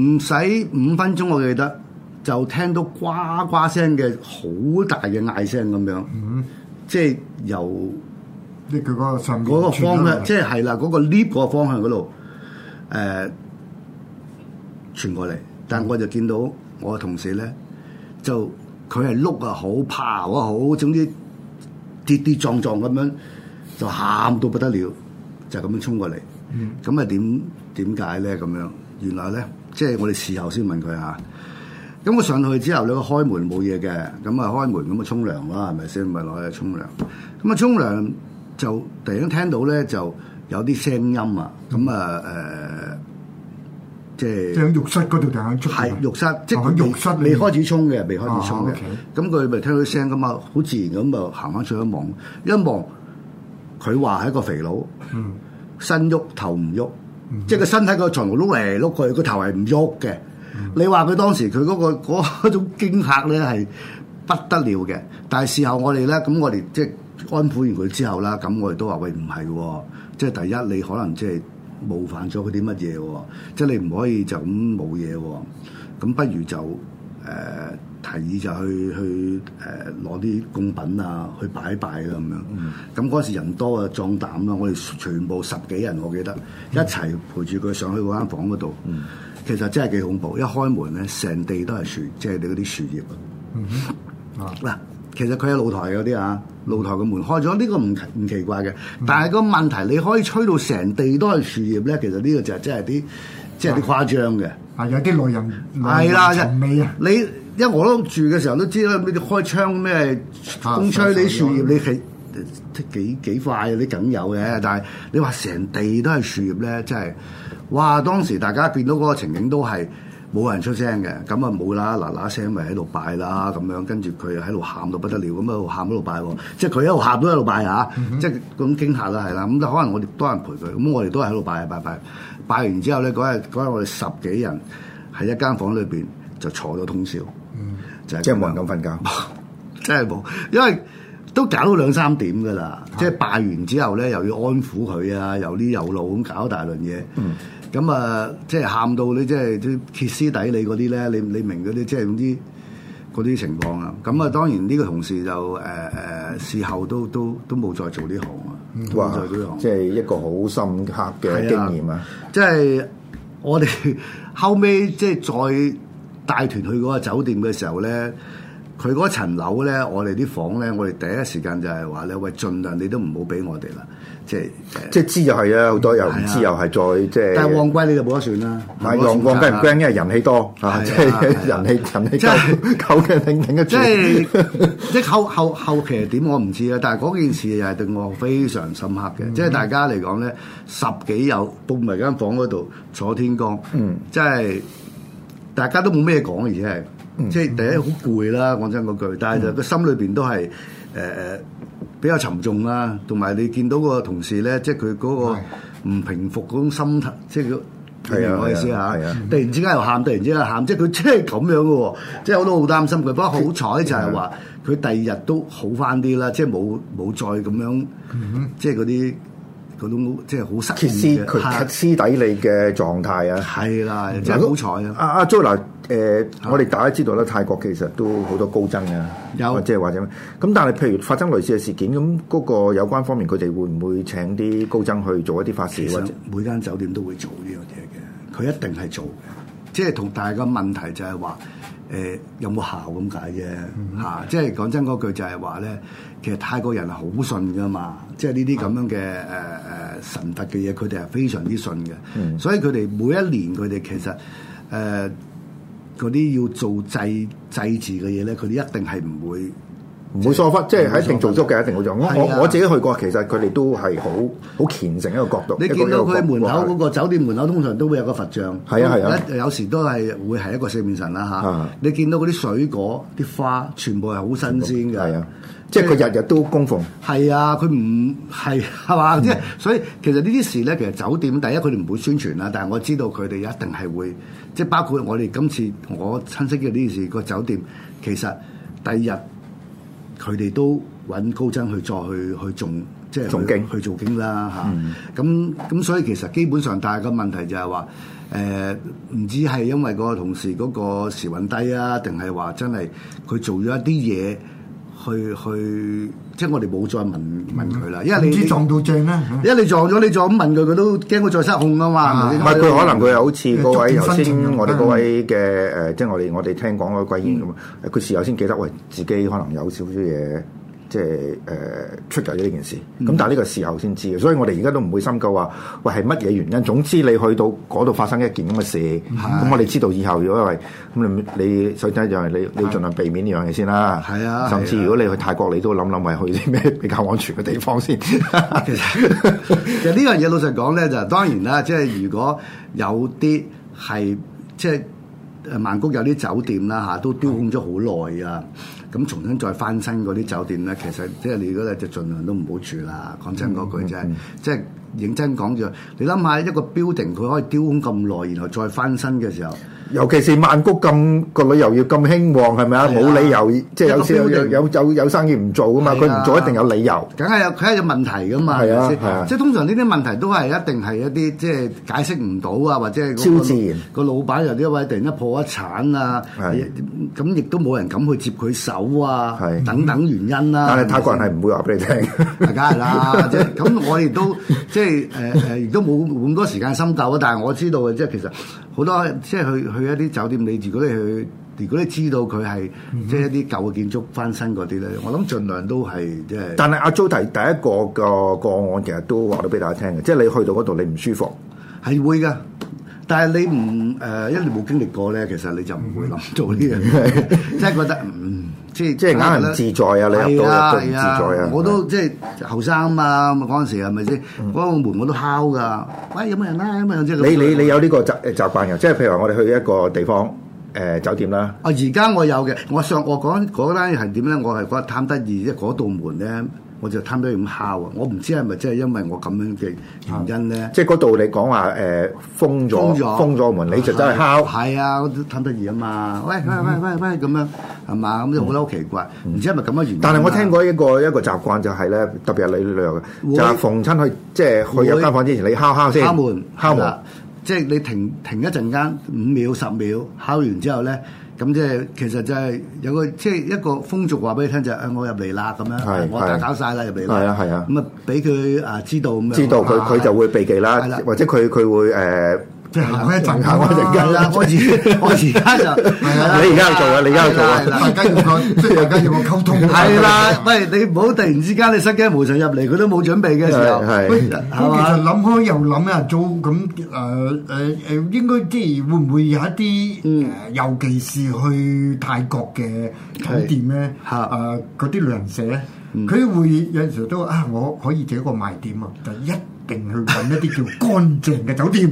唔使五分鐘，我記得就聽到呱呱聲嘅好大嘅嗌聲咁樣，嗯、即係由呢係佢嗰個方向，即係係啦，嗰、嗰個 lift 嗰個方向嗰度誒傳過嚟，但係我就見到我嘅同事咧就。佢係碌啊，好怕哇，好，總之跌跌撞撞咁樣就喊到不得了，就咁樣衝過嚟。咁啊點點解咧？咁樣，呢樣原來咧，即係我哋事後先問佢嚇。咁、啊、我上去之後咧、啊，你個開門冇嘢嘅，咁啊開門咁啊沖涼啦，係咪先？咪攞去沖涼。咁啊沖涼就突然聽到咧就有啲聲音啊，咁、嗯、啊誒。呃即係喺浴室嗰度定喺浴室，即係佢浴室未開始沖嘅，未開始沖嘅。咁佢咪聽到聲咁啊，好自然咁啊，行翻出去一望，一望，佢話係一個肥佬，身喐頭唔喐，即係個身體個床度碌嚟碌去，個頭係唔喐嘅。你話佢當時佢嗰個嗰種驚嚇咧係不得了嘅，但係事後我哋咧咁，我哋即係安撫完佢之後啦，咁我哋都話喂，唔係喎，即係第一你可能即係。冒犯咗佢啲乜嘢，即係你唔可以就咁冇嘢，咁不如就誒、呃、提議就去去誒攞啲供品啊，去擺拜咁樣。咁嗰、嗯嗯、時人多啊，壯膽啦！我哋全部十幾人，我記得一齊陪住佢上去嗰間房嗰度。嗯、其實真係幾恐怖，一開門咧，成地都係樹，即、就、係、是、你嗰啲樹葉。嗯哼，嗱。啊。其實佢喺露台嗰啲啊，露台嘅門開咗，呢個唔唔奇怪嘅。但係個問題，你可以吹到成地都係樹葉咧，其實呢個就係真係啲，即係啲誇張嘅。啊，有啲內人，有啲塵尾啊！你因為我都住嘅時候都知啦，你開窗咩風吹你樹葉，你係幾幾塊啊？你梗有嘅，但係你話成地都係樹葉咧，真係哇！當時大家見到嗰個情景都係。冇人出聲嘅，咁啊冇啦，嗱嗱聲咪喺度拜啦，咁樣跟住佢喺度喊到不得了，咁啊喺度喊喺度拜喎，即係佢一路喊都一路拜嚇，嗯、哼即係嗰種驚嚇啦係啦，咁可能我哋多人陪佢，咁我哋都係喺度拜啊拜拜，拜完之後咧嗰日嗰日我哋十幾人喺一間房裏邊就坐咗通宵，嗯、就即係冇人敢瞓覺， 真係冇，因為都搞到兩三點噶啦，嗯、哼即係拜完之後咧又要安撫佢啊，又呢又老咁搞大輪嘢。嗯咁啊、嗯呃，即係喊到你，即係啲歇斯底里嗰啲咧，你你明嗰啲，即係總之嗰啲情況啊。咁、嗯、啊，當然呢個同事就誒誒、呃呃、事後都都都冇再做呢行啊，冇再做呢行。即係一個好深刻嘅經驗啊！即係我哋後尾，即係再帶團去嗰個酒店嘅時候咧，佢嗰層樓咧，我哋啲房咧，我哋第一時間就係話咧，喂，盡量你都唔好俾我哋啦。即係即係知又係啊，好多又唔知又係再即係。但係旺季你就冇得算啦。唔係旺旺季唔驚因為人氣多啊，即係人氣人氣真係夠嘅，頂得住。即係即後後後期係點我唔知啊，但係嗰件事又係對我非常深刻嘅。即係大家嚟講咧，十幾友布埋間房嗰度坐天光，嗯，即係大家都冇咩講，而且係即係第一好攰啦。講真嗰句，但係就個心裏邊都係。誒誒、呃、比較沉重啦，啊，同埋你見到個同事咧，即係佢嗰個唔平復嗰種心態，的即係佢，你明我意思嚇。突然之間又喊，突然之間又喊，即係佢即係咁樣嘅喎，啊，即係我都好擔心佢。不過好彩就係話，佢第二日都好翻啲啦，即係冇冇再咁樣，即係嗰啲。佢都即係好失意嘅，歇斯佢歇斯底里嘅狀態啊！係啦的，真好彩啊！阿阿 Jo，嗱，誒的，我哋大家知道啦，泰國其實都好多高僧啊，有即係或者咩？咁但係譬如發生類似嘅事件，咁嗰個有關方面佢哋會唔會請啲高僧去做一啲法事？其實每間酒店都會做呢樣嘢嘅，佢一定係做嘅。即係同大家嘅問題就係話，誒、呃、有冇效咁解啫嚇？即係講真嗰句就係話咧，其實泰國人係好信噶嘛，即係呢啲咁樣嘅誒誒神佛嘅嘢，佢哋係非常之信嘅。嗯、所以佢哋每一年佢哋其實誒嗰啲要做祭祭祀嘅嘢咧，佢哋一定係唔會。唔會疏忽，即係喺一定做足嘅，一定會做。啊、我我我自己去過，其實佢哋都係好好虔誠一個角度。你見到佢門口嗰個酒店門口通常都會有個佛像，係啊，係啊，有時都係會係一個四面神啦嚇。啊啊、你見到嗰啲水果、啲花，全部係好新鮮嘅，啊、以即係佢日日都供奉。係啊，佢唔係係嘛？即係、啊嗯、所以其實呢啲事咧，其實酒店第一佢哋唔會宣傳啦，但係我知道佢哋一定係會，即係包括我哋今次同我親戚嘅呢件事，個酒店其實第二日。佢哋都揾高僧去再去去做，即係做經去做經啦吓。咁咁、嗯啊、所以其實基本上，但係個問題就係話，誒唔知係因為個同事嗰個時運低啊，定係話真係佢做咗一啲嘢？去去，即係我哋冇再問問佢啦，因為你撞到正，因為你撞咗，你再咁問佢，佢都驚佢再失控啊嘛。唔係佢可能佢又好似嗰位頭先我哋嗰位嘅誒、呃，即係我哋我哋聽講嗰個貴人咁，佢事後先記得，喂、呃，自己可能有少少嘢。即係誒、呃、出嚟咗呢件事，咁但係呢個時候先知嘅，所以我哋而家都唔會深究話喂係乜嘢原因。總之你去到嗰度發生一件咁嘅事，咁的我哋知道以後，如果係咁你你首先一樣係你你盡量避免呢樣嘢先啦。係啊的，上次如果你去泰國，你都諗諗係去啲咩比較安全嘅地方先的 其，其實其實呢樣嘢老實講咧，就當然啦，即係如果有啲係即係。誒曼谷有啲酒店啦吓，都丟空咗好耐啊！咁是的 重新再翻新嗰啲酒店咧，其實即係你咧就盡量都唔好住啦。講真嗰句啫，嗯嗯、即係認真講就，你諗下一個 building 佢可以丟空咁耐，然後再翻新嘅時候。尤其是曼谷咁個旅遊業咁興旺，係咪啊？冇理由即係有時有有有生意唔做噶嘛？佢唔做一定有理由，梗係有，梗係有問題噶嘛？係啊，即係通常呢啲問題都係一定係一啲即係解釋唔到啊，或者係超自然，個老闆又呢一位突然間破咗產啊，咁亦都冇人敢去接佢手啊，等等原因啦。但係泰國人係唔會話俾你聽，梗係啦！即係咁，我亦都即係誒誒，亦都冇咁多時間深究啊。但係我知道嘅，即係其實好多即係佢。去一啲酒店，你如果你去，如果你知道佢係、嗯、哼即係一啲舊嘅建築翻新嗰啲咧，我諗盡量都係即係。就是、但係阿 Jo 第第一個個個案，其實都話到俾大家聽嘅，即係你去到嗰度你唔舒服，係會噶。但係你唔誒、呃，因為你冇經歷過咧，其實你就唔會諗做呢樣嘢， 即係覺得唔、嗯、即係即係硬係唔自在啊！嗯、你入到、啊、入到自在啊！啊我都、啊、即係後生啊嘛，咁啊嗰陣時係咪先嗰個門我都敲噶，喂有冇人啊？有乜即、啊、你你你有呢個習習慣嘅，即係譬如話我哋去一個地方誒、呃、酒店啦。哦、啊，而家我有嘅，我上我講單係點咧？我係覺得貪得意啫，嗰、就是、道門咧。我就貪得意咁敲啊！我唔知係咪真係因為我咁樣嘅原因咧、嗯？即係嗰度你講話誒封咗，封咗門，啊、你就真係去敲。係啊，我都貪得意啊嘛！喂喂喂喂咁樣係嘛？咁、嗯、就好撚好奇怪，唔知係咪咁樣原因、啊嗯嗯嗯？但係我聽過一個一個習慣就係、是、咧，特別係你旅樣嘅，會就逢親去即係去入間房之前，會你敲敲先。敲門，敲門的、嗯。即係你停停一陣間五秒十秒，敲完之後咧。咁即係其實就係有個即係一個風俗話俾你聽，就誒、係哎、我入嚟啦，咁樣係、啊，我打攪晒啦，入嚟啦，咁係啊俾佢啊知道，知道佢佢就會避忌啦，係，或者佢佢會誒。呃即係行開一行開，而家開始，開始而家就。你而家去做啊！你而家去做啊！大家要講，即係大家要講溝通。係啦，喂你唔好突然之間你失驚無常入嚟，佢都冇準備嘅時候。係係嘛？諗開又諗啊，做咁誒誒誒，應該即係會唔會有一啲誒，尤其是去泰國嘅酒店咧，誒嗰啲旅行社，佢會有陣時都啊，我可以整一個賣點啊，第一。定去揾一啲叫乾淨嘅酒店。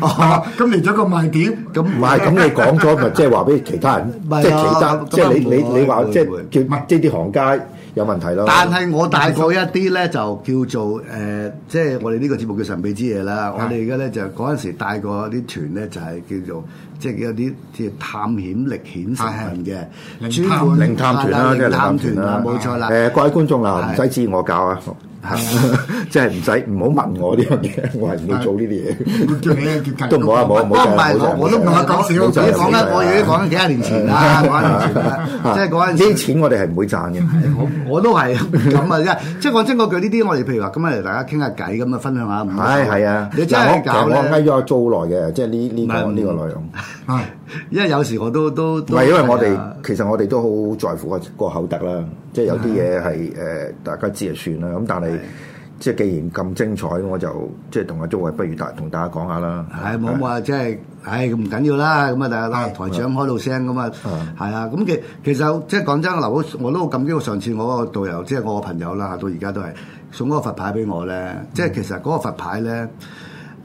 啊，咁嚟咗個賣點。咁唔係，咁你講咗咪即係話俾其他人，即係其他，即係你你你話即係，即係啲行街有問題咯。但係我帶過一啲咧，就叫做誒，即係我哋呢個節目叫神秘之夜啦。我哋而家咧就嗰陣時帶過啲團咧，就係叫做即係有啲即係探險歷險成分嘅，專門靈探團啦，即係靈探團啦，冇錯啦。誒，各位觀眾啦，唔使指我教啊。即係唔使唔好問我呢樣嘢，我係唔會做呢啲嘢。都唔好啊，唔好唔好。唔係，我我都同佢講笑，而家講緊我嘢，講緊幾廿年前啦，幾廿年前啦，即係講緊啲錢，我哋係唔會賺嘅。我我都係咁啊，即係即係講真嗰句呢啲，我哋譬如話今日嚟大家傾下偈，咁啊分享下。係係啊，你真係教我閪咗租耐嘅，即係呢呢個呢個內容。唔係，因為有時我都都唔係，因為我哋其實我哋都好在乎個個口德啦。即係有啲嘢係誒，大家知就算啦。咁但係，即係既然咁精彩，我就即係同阿 Joe 偉不如大同大家講下啦。係冇冇啊！即係是、就是，唉咁唔緊要啦。咁啊，大家台長開到聲咁啊，係啊。咁其其實即係講真，我留我都好感激我上次我個導遊，即係我個朋友啦。到而家都係送嗰個佛牌俾我咧。即係其實嗰個佛牌咧。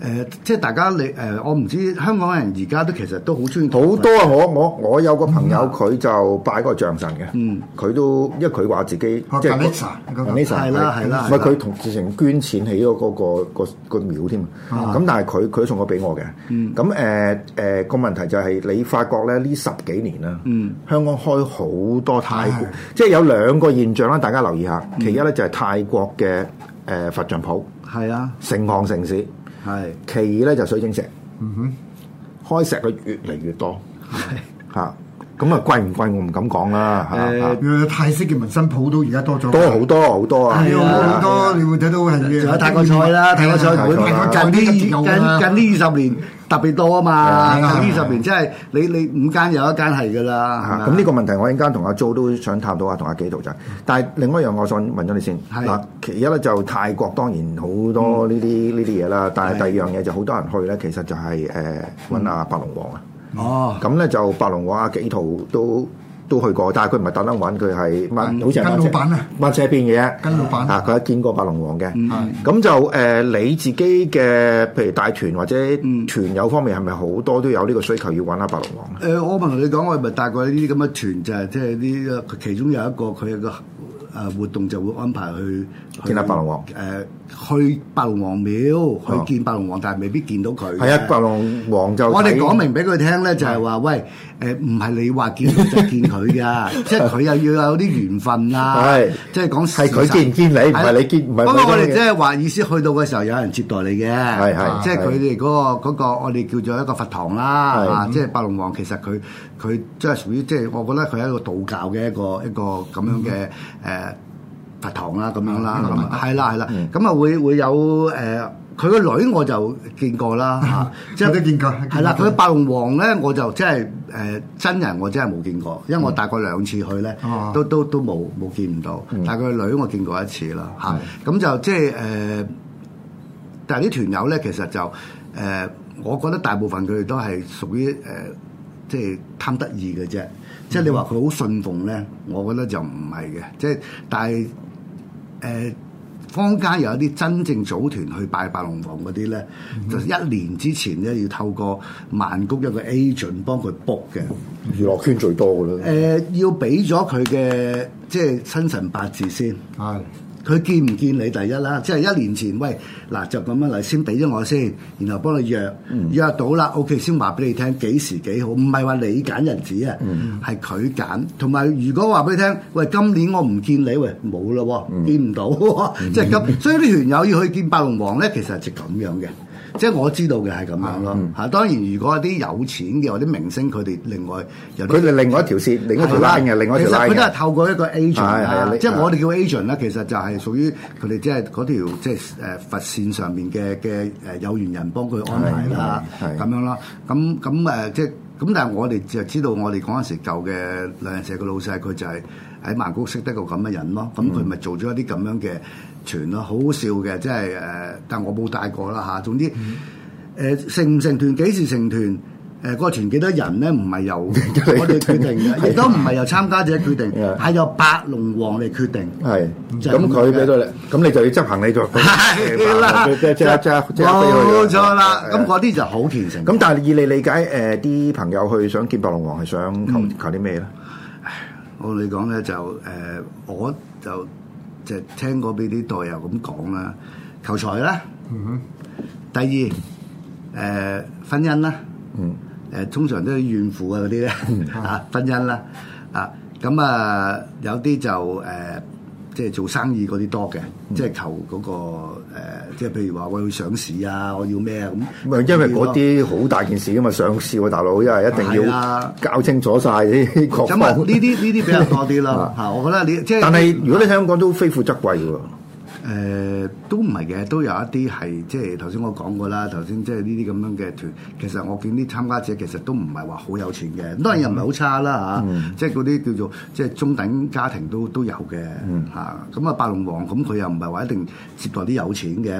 誒，即係大家你誒，我唔知香港人而家都其實都好中意，好多啊！我我我有個朋友佢就拜個象神嘅，嗯，佢都因為佢話自己，即，Nisa，Nisa，係啦係啦，唔係佢同志成捐錢起咗嗰個個個廟添，咁但係佢佢送咗俾我嘅，咁誒誒個問題就係你發覺咧呢十幾年啦，嗯，香港開好多泰國，即係有兩個現象啦，大家留意下，其一咧就係泰國嘅誒佛像鋪，係啊，成行成市。係，其二咧就水晶石、開石嘅，越嚟越多。吓，咁啊，貴唔貴？我唔敢講啦吓。誒，泰式嘅紋身鋪都而家多咗，多好多好多啊！係啊，好多，你會睇到係。仲有泰國菜啦，泰國菜，佢近呢近近呢二十年。特別多啊嘛！呢十年即係你你五間有一間係㗎啦。咁呢個問題我依家同阿 Jo 都想探討下同阿幾圖仔。但係另外一樣，我想問咗你先。嗱的，其一咧就泰國當然好多呢啲呢啲嘢啦。但係第二樣嘢就好多人去咧，其實就係誒揾阿白龍王啊。嗯、哦，咁咧就白龍王阿幾圖都。都去過，但係佢唔係特登揾佢係，好似跟老闆啊，或者邊嘅跟老闆啊，佢有見過白龍王嘅，咁、嗯、就誒、呃、你自己嘅譬如帶團或者團友方面係咪好多都有呢個需求要揾下白龍王？誒、呃，我唔同你講，我咪帶過呢啲咁嘅團，就係即係呢個其中有一個佢個誒活動就會安排去，去見下白龍王。誒、呃。去白龍王廟去見白龍王，但係未必見到佢。係啊，白龍王就我哋講明俾佢聽咧，就係話喂，誒，唔係你話見佢就見佢噶，即係佢又要有啲緣分啦。係，即係講係佢見唔見你，唔係你見。不過我哋即係話意思，去到嘅時候有人接待你嘅。係係，即係佢哋嗰個個，我哋叫做一個佛堂啦。啊，即係白龍王，其實佢佢即係屬於，即係我覺得佢係一個道教嘅一個一個咁樣嘅誒。佛堂啦，咁樣啦，咁啊，係啦，係啦，咁啊會會有誒，佢個女我就見過啦，嚇，即係都見過，係啦，佢白龍王咧，我就即係誒真人，我真係冇見過，因為我帶過兩次去咧，都都都冇冇見唔到，但係佢個女我見過一次啦，係，咁就即係誒，但係啲團友咧，其實就誒，我覺得大部分佢哋都係屬於誒，即係貪得意嘅啫，即係你話佢好信奉咧，我覺得就唔係嘅，即係但係。誒，坊間、呃、有一啲真正組團去拜白龍王嗰啲咧，嗯、哼就一年之前咧要透過曼谷一個 agent 幫佢 book 嘅。娛樂圈最多嘅咧。誒、呃，要俾咗佢嘅即係生辰八字先。係。佢見唔見你第一啦？即係一年前，喂嗱就咁嚟，先俾咗我先，然後幫你約，嗯、約到啦，OK 先話俾你聽幾時幾好，唔係話你揀日子啊，係佢揀。同埋如果話俾你聽，喂今年我唔見你，喂冇啦，見唔到，嗯、即係咁。所以啲團友要去見白龍王咧，其實係咁樣嘅。即係我知道嘅係咁樣咯嚇。嗯、當然，如果啲有，有錢嘅或者明星，佢哋另外佢哋另外一條線、的另一條 line 的另外其實佢都係透過一個 agent 啊。即係我哋叫 agent 咧，其實就係屬於佢哋即係嗰條即係誒佛線上面嘅嘅誒有緣人幫佢安排啦，咁樣咯。咁咁誒即係咁，但係我哋就知道我，我哋嗰陣時舊嘅旅行社嘅老細，佢就係喺曼谷識得個咁嘅人咯。咁佢咪做咗一啲咁樣嘅。嗯團咯，好笑嘅，即係誒，但我冇帶過啦嚇。總之誒，成唔成團，幾時成團，誒個團幾多人咧，唔係由我哋決定，嘅，亦都唔係由參加者決定，係由白龍王嚟決定。係咁，佢畀你，咁你就要執行呢個做。係啦，即即即冇錯啦。咁嗰啲就好虔誠。咁但係以你理解誒，啲朋友去想見白龍王係想求求啲咩咧？我嚟講咧就誒，我就。就聽過俾啲導遊咁講啦，求財啦，mm hmm. 第二誒、呃、婚姻啦，誒、mm hmm. 呃、通常都係怨婦、mm hmm. 啊嗰啲咧嚇婚姻啦，啊咁啊有啲就誒。呃即係做生意嗰啲多嘅，嗯、即係求嗰、嗰個即係、呃、譬如話我要上市啊，我要咩啊咁。咪因為嗰啲好大件事嘅、啊、嘛，上市喎大佬，因為一定要搞、啊、清楚晒，啲確認。呢啲呢啲比較多啲咯，嚇！ 我覺得你即係。即係、但係如果你香港都非富則貴喎，誒、呃。都唔係嘅，都有一啲係即係頭先我講過啦。頭先即係呢啲咁樣嘅團，其實我見啲參加者其實都唔係話好有錢嘅，當然又唔係好差啦嚇，即係嗰啲叫做即係中等家庭都都有嘅嚇。咁啊，白龍王咁佢又唔係話一定接待啲有錢嘅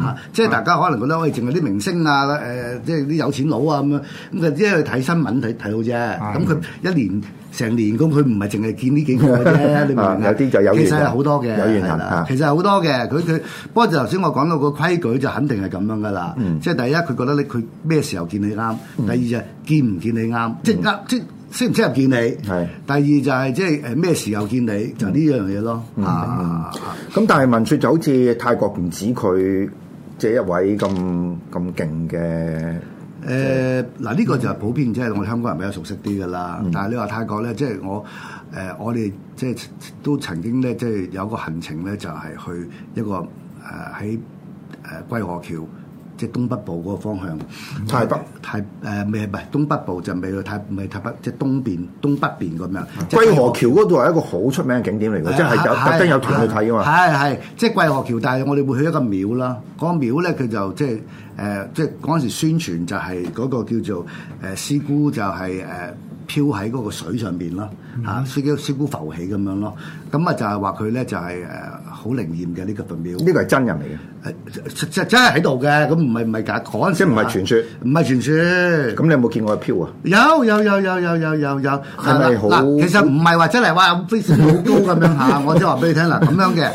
嚇，即係大家可能覺得我哋淨係啲明星啊誒，即係啲有錢佬啊咁樣咁佢即係去睇新聞睇睇到啫。咁佢一年成年咁，佢唔係淨係見呢幾個啫。你明唔明啊？有啲就有，其實係好多嘅，有緣人其實好多嘅，佢佢。不過就頭先我講到個規矩就肯定係咁樣噶啦，嗯、即係第一佢覺得咧佢咩時候見你啱，嗯啊、第二就係見唔見你啱，即係啱即識唔識得見你。第二就係即係誒咩時候見你，嗯、就呢樣嘢咯。咁、嗯嗯嗯啊嗯、但係文説就好似泰國唔止佢即係一位咁咁勁嘅。誒嗱呢個就係普遍即係、嗯、我哋香港人比較熟悉啲噶啦。但係你話泰國咧，即係我誒、呃嗯嗯嗯、我哋、呃呃、即係都曾經咧即係有個行程咧，就係去一個誒喺誒桂河橋，即係東北部嗰個方向，太北太誒未係唔係東北部就未去太未太北，即係東邊東北邊咁樣。嗯、桂河橋嗰度係一個好出名嘅景點嚟嘅，呃是，即係有特登有團去睇啊嘛。係係，即係桂河橋，但係我哋會去一個廟啦。個廟咧，佢就即係誒，即係嗰陣時宣傳就係嗰個叫做誒、呃、師姑、就係，就係誒。呃漂喺嗰個水上邊咯，嚇、嗯，少少咁浮起咁樣咯，咁啊就係話佢咧就係誒好靈驗嘅呢、這個佛廟。呢個係真人嚟嘅，誒、欸、真真係喺度嘅，咁唔係唔係假。嗰陣時唔係傳説，唔係傳説。咁你有冇見過佢漂啊？有有有有有有有有。係咪好？其實唔係話真係哇非常好高咁樣嚇， 我即係話俾你聽啦，咁、啊、樣嘅，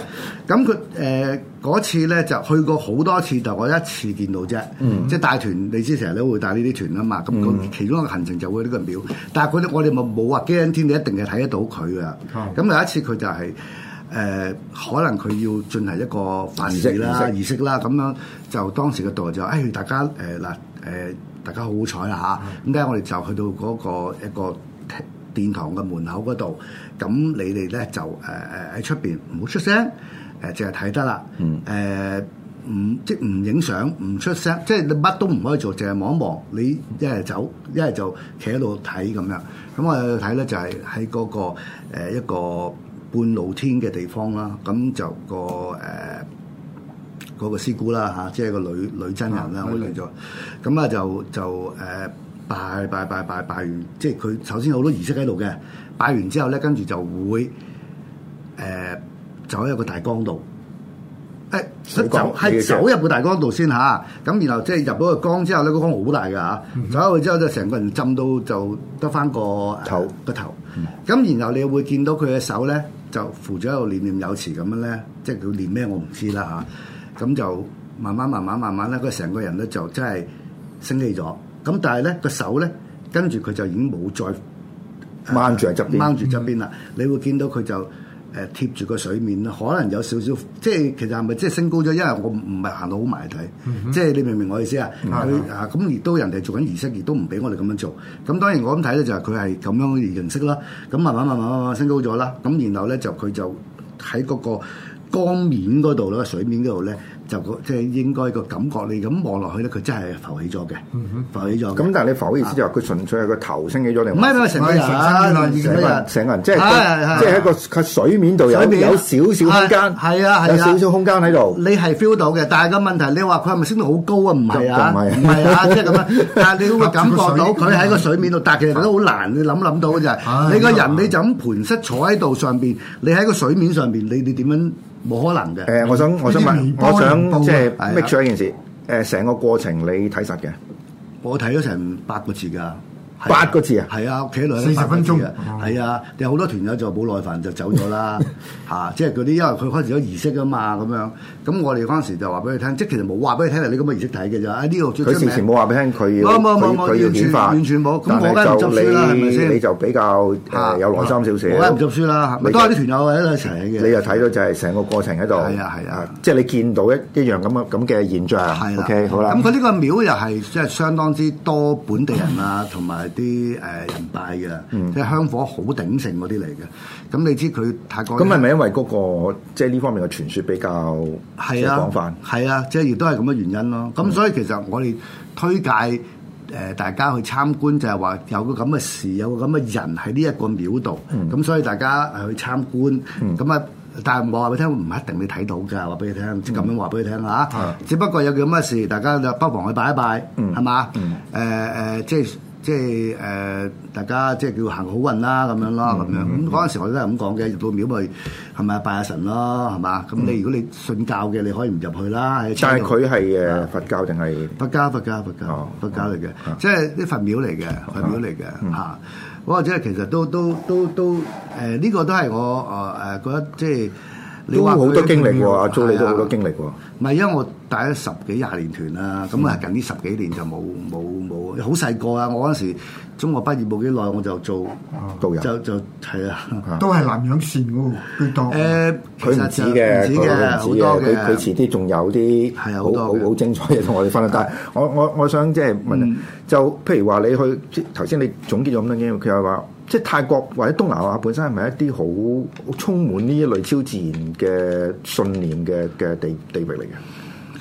咁佢誒。呃嗰次咧就去過好多次，就我一次見到啫。嗯。即係帶團，你知成日都會帶呢啲團啊嘛。嗯。咁，其中一個行程就會呢個廟。嗯、但係佢，我哋咪冇話驚天，你一定係睇得到佢㗎。咁有一次佢就係、是、誒、呃，可能佢要進行一個儀式啦、儀式啦，咁樣就當時嘅度就話：，誒、哎，大家誒嗱誒，大家好好彩啦嚇！咁、啊、咧，嗯、我哋就去到嗰、那個一個殿堂嘅門口嗰度，咁你哋咧就誒誒喺出邊唔好出聲。誒，淨係睇得啦。誒，唔即唔影相，唔出聲，即係你乜都唔可以做，淨係望一望。你一係走，一係就企喺度睇咁樣。咁我睇咧就係喺嗰個、呃、一個半露天嘅地方啦。咁就、嗰個誒嗰、呃嗰個師姑啦嚇、啊，即係個女女真人啦，咁啊、嗯、就就誒、呃、拜拜拜拜拜完，即係佢首先有好多儀式喺度嘅。拜完之後咧，跟住就會，走喺一個大江度，誒、欸，光走係走入個大江度先嚇，咁、啊、然後即係入咗個江之後咧，個江好大㗎嚇，嗯、哼走咗去之後就成個人浸到就得翻個頭、啊、個頭，咁、嗯、然後你會見到佢嘅手咧就扶咗喺度念念有詞咁樣咧，即係佢念咩我唔知啦嚇，咁、啊嗯、就慢慢慢慢慢慢咧，佢成個人咧就真係升起咗，咁但係咧個手咧跟住佢就已經冇再掹、啊、住喺側邊掹住側邊啦，嗯、你會見到佢就。誒、呃、貼住個水面，可能有少少，即係其實係咪即係升高咗？因為我唔唔係行到好埋底，嗯、哼即係你明唔明我意思、嗯、哼啊？佢啊咁，亦都人哋做緊儀式，亦都唔俾我哋咁樣做。咁當然我咁睇咧，就係佢係咁樣認識啦。咁慢慢慢慢慢慢升高咗啦。咁然後咧就佢就喺嗰個江面嗰度啦，水面嗰度咧。就即係應該個感覺，你咁望落去咧，佢真係浮起咗嘅，浮起咗。咁但係你浮嘅意思就係佢純粹係個頭升起咗定？唔係唔係，成個人成個人，即係即係喺個水面度有有少少空間，係啊係啊，有少少空間喺度。你係 feel 到嘅，但係個問題你話佢係咪升到好高啊？唔係啊，唔係啊，即係咁樣。但係你會感覺到佢喺個水面度，但其實都好難諗諗到嘅就係你個人，你就咁盤膝坐喺度上邊，你喺個水面上邊，你你點樣？冇可能嘅。誒、嗯，我想，嗯、我想問，我想即係是、嗯、make sure 一件事。誒，成個過程你睇實嘅。我睇咗成八個字噶。八個字啊，係啊，企落去四十分鐘嘅，係啊，有好多團友就冇耐煩就走咗啦，嚇，即係嗰啲因為佢開始有儀式啊嘛，咁樣，咁我哋嗰陣時就話俾你聽，即係其實冇話俾你聽係啲咁嘅儀式睇嘅啫，啊呢度最，佢事前冇話俾聽，佢冇佢要轉化，完全冇。咁我梗係唔執輸啦，係咪先？你就比較誒有耐心少少。我梗係唔執輸啦，咪都係啲團友喺度一齊嘅。你又睇到就係成個過程喺度，係啊係啊，即係你見到一一樣咁嘅咁嘅現象。O K 好啦。咁佢呢個廟又係即係相當之多本地人啦，同埋。啲誒人拜嘅，嗯、即係香火好鼎盛嗰啲嚟嘅。咁你知佢泰國咁係咪因為嗰、嗰個即係呢方面嘅傳說比較係啊，係啊，即係亦都係咁嘅原因咯。咁所以其實我哋推介誒大家去參觀，就係話有個咁嘅事，有個咁嘅人喺呢一個廟度。咁、嗯、所以大家去參觀咁啊，嗯、但係我話俾你聽，唔一定你睇到㗎。話俾你聽，咁、就係、樣話俾你聽吓？只不過有咁嘅事，大家就不妨去拜一拜，係嘛？誒誒，即係。即係誒、呃，大家即係叫行好運啦，咁樣咯，咁、嗯、樣。咁嗰陣時我都係咁講嘅，入到廟咪係咪拜下神咯，係嘛、嗯？咁你如果你信教嘅，你可以唔入去啦。但係佢係誒佛教定係佛家？佛家？佛教佛教嚟嘅，即係啲佛廟嚟嘅，佛廟嚟嘅嚇。或者、啊嗯、其實都都都都誒，呢個都係我誒誒覺得即係。你都好多經歷喎，做你都好多經歷喎。唔係因為我大咗十幾廿年團啦，咁啊近呢十幾年就冇冇冇，好細個啊！我嗰時中學畢業冇幾耐，我就做導遊。就就係啦，都係南洋線嘅喎，佢當。誒，其實唔止嘅，好多嘅。佢佢遲啲仲有啲係啊，好好好精彩嘅同我哋分享。但係我我我想即係問，就譬如話你去即頭先你總結咗咁多嘢，佢話。即係泰國或者東南亞本身係咪一啲好充滿呢一類超自然嘅信念嘅嘅地地域嚟嘅？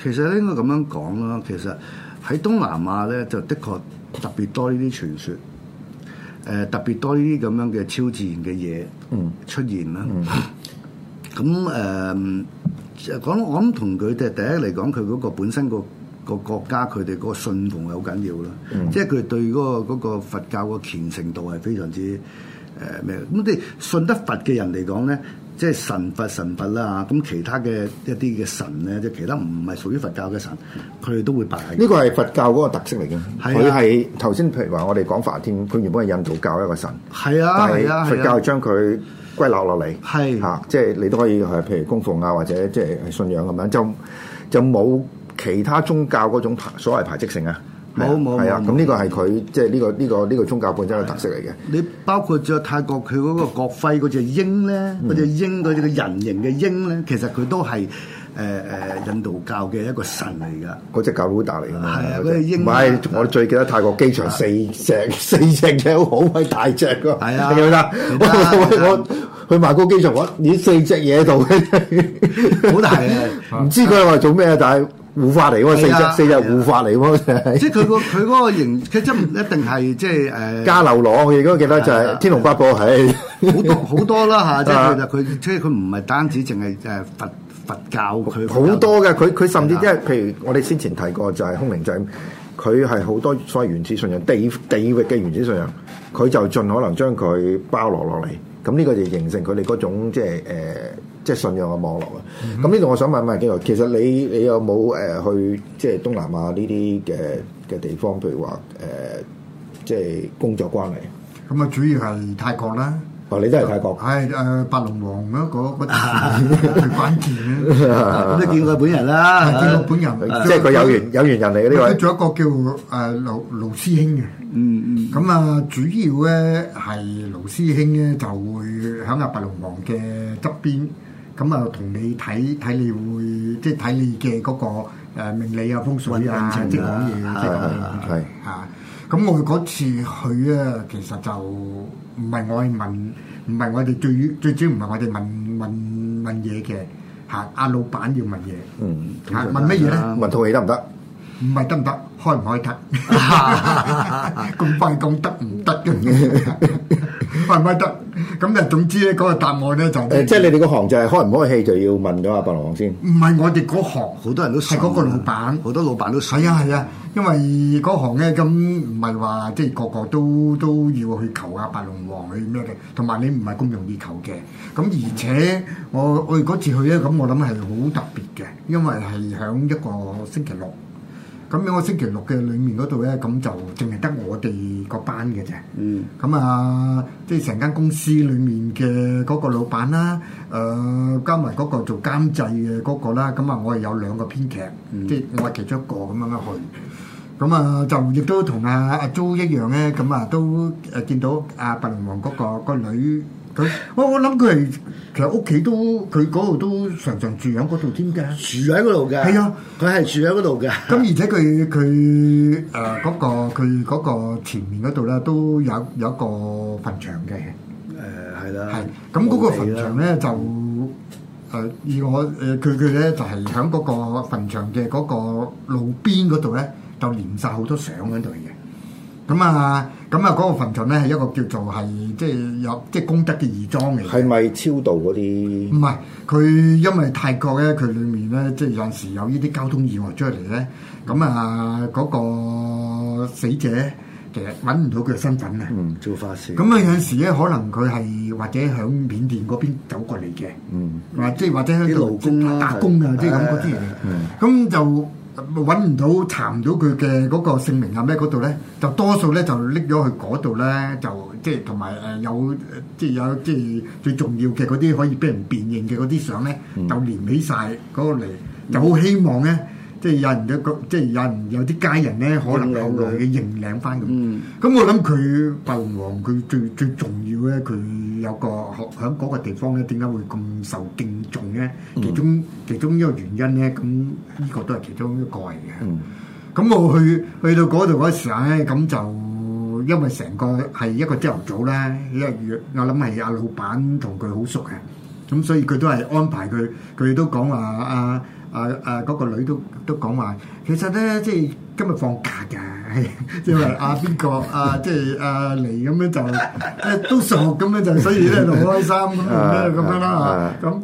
其實咧應該咁樣講啦，其實喺東南亞咧就的確特別多呢啲傳説，誒、呃、特別多呢啲咁樣嘅超自然嘅嘢出現啦。咁誒、嗯，講、嗯 呃、我諗同佢哋第一嚟講佢嗰個本身個。個國家佢哋嗰個信奉係好緊要啦，嗯、即係佢對嗰個嗰個佛教個虔誠度係非常之誒咩？咁即係信得佛嘅人嚟講咧，即係神佛神佛啦，咁其他嘅一啲嘅神咧，即係其他唔係屬於佛教嘅神，佢都會拜。呢個係佛教嗰個特色嚟嘅，佢係頭先譬如話我哋講梵天，佢原本係印度教一個神，係啊，係啊，佛教將佢歸納落嚟，係嚇，即係你都可以係譬如供奉啊，或者即係信仰咁樣，就就冇。就其他宗教嗰種排所謂排斥性啊，冇冇冇，咁呢個係佢即係呢個呢個呢個宗教本身嘅特色嚟嘅。你包括咗泰國佢嗰個國徽嗰隻鷹咧，嗰隻鷹嗰隻個人形嘅鷹咧，其實佢都係誒誒印度教嘅一個神嚟噶。嗰隻教老大嚟㗎，係啊，嗰隻鷹。唔係我最記得泰國機場四隻四隻嘢好鬼大隻㗎，係啊，記得。我去埋個機場，我見四隻嘢度好大啊。唔知佢係話做咩啊？但係護法嚟嘅、啊、四隻四隻護法嚟嘅、啊、 即係佢個佢嗰形，佢真唔一定係即係誒。迦、呃、樓羅嘅亦都記得就係、是啊、天龍八部，係好多好多啦嚇， 即係其實佢即係佢唔係單止淨係誒佛佛教佢好多嘅，佢佢甚至即係、啊、譬如我哋先前提過就係空靈陣，佢係好多所謂原始信仰地地域嘅原始信仰，佢就盡可能將佢包羅落嚟，咁呢個就形成佢哋嗰種即係誒。呃呃即係信仰嘅網絡啊！咁呢度我想問問基友，其實你你有冇誒去即係東南亞呢啲嘅嘅地方，譬如話誒，即係工作關係？咁啊，主要係泰國啦。哦，你都係泰國。係誒，白龍王嗰個個最關鍵嘅。咁你見過本人啦？見過本人，即係佢有緣有緣人嚟嘅呢位。仲有一個叫誒盧盧師兄嘅。嗯嗯。咁啊，主要咧係盧師兄咧，就會喺阿白龍王嘅側邊。咁啊，同你睇睇你會即係睇你嘅嗰個誒命理啊、風水啊，即係講嘢，即係講嘢。係啊，咁我次去啊，其實就唔係我去問，唔係我哋最最主要唔係我哋問問問嘢嘅，吓阿老闆要問嘢。嗯，嚇問乜嘢咧？問套戲得唔得？唔係得唔得？開唔開得？咁快咁得唔得嘅？係唔係得？咁就總之咧，嗰個答案咧就即係你哋個行就係開唔開氣，就要問咗阿白龍王先。唔係我哋嗰行好多人都，嗰個老闆好多老闆都，係啊係啊，因為嗰行咧咁唔係話即係個個都都要去求阿白龍王去咩嘅，同埋你唔係咁容易求嘅。咁而且我我嗰次去咧，咁我諗係好特別嘅，因為係喺一個星期六。咁喺我星期六嘅裏面嗰度咧，咁就淨係得我哋嗰班嘅啫。咁啊，即係成間公司裏面嘅嗰個老闆啦，誒，加埋嗰個做監製嘅嗰個啦，咁啊，我係有兩個編劇，即係我係其中一個咁樣去。咁啊，就亦都同阿阿 Joe 一樣咧，咁啊都誒見到阿白龍王嗰個個女。我我諗佢係其實屋企都佢嗰度都常常住響嗰度添嘅，住喺嗰度嘅。係啊，佢係住喺嗰度嘅。咁而且佢佢誒嗰個佢個前面嗰度咧都有有一個墳場嘅。誒、呃，係啦。係的。咁嗰的個墳場咧的就誒、嗯、以我誒佢佢咧就係響嗰個墳場嘅嗰個路邊嗰度咧就連晒好多相喺度嘅。咁啊，咁啊，嗰個墳場咧係一個叫做係即係有即係功德嘅義莊嚟。係咪超度嗰啲？唔係，佢因為泰國咧，佢裡面咧即係有陣時有呢啲交通意外出嚟咧，咁啊嗰個死者其實揾唔到佢嘅身份啊。嗯，做法事。咁啊有陣時咧，可能佢係或者響緬甸嗰邊走過嚟嘅。嗯，或即係或者喺度打工啊，即係咁嗰啲嘢。嗯。咁就。揾唔到查唔到佢嘅嗰個姓名啊咩嗰度咧，就多數咧就拎咗去嗰度咧，就，就即係同埋誒有，有即係有即係最重要嘅嗰啲可以俾人辨認嘅嗰啲相咧，嗯、就連起晒嗰個嚟，就好希望咧。嗯即係有人都講，即係有人有啲家人咧，可能後來嘅認領翻咁。咁、嗯、我諗佢白龍王佢最最重要咧，佢有個喺嗰個地方咧，點解會咁受敬重咧？嗯、其中其中一個原因咧，咁呢個都係其中一個嚟嘅。咁、嗯、我去去到嗰度嗰時候咧，咁就因為成個係一個朝頭早咧，一月我諗係阿老闆同佢好熟嘅，咁所以佢都係安排佢，佢都講話阿。啊啊啊！嗰、uh, uh, 個女都都講話，其實咧即係今日放假㗎， 因為阿、啊、邊個啊即係阿嚟咁樣就都熟咁樣就，啊、就所以咧、uh, 就好開心咁樣咁樣啦嚇。咁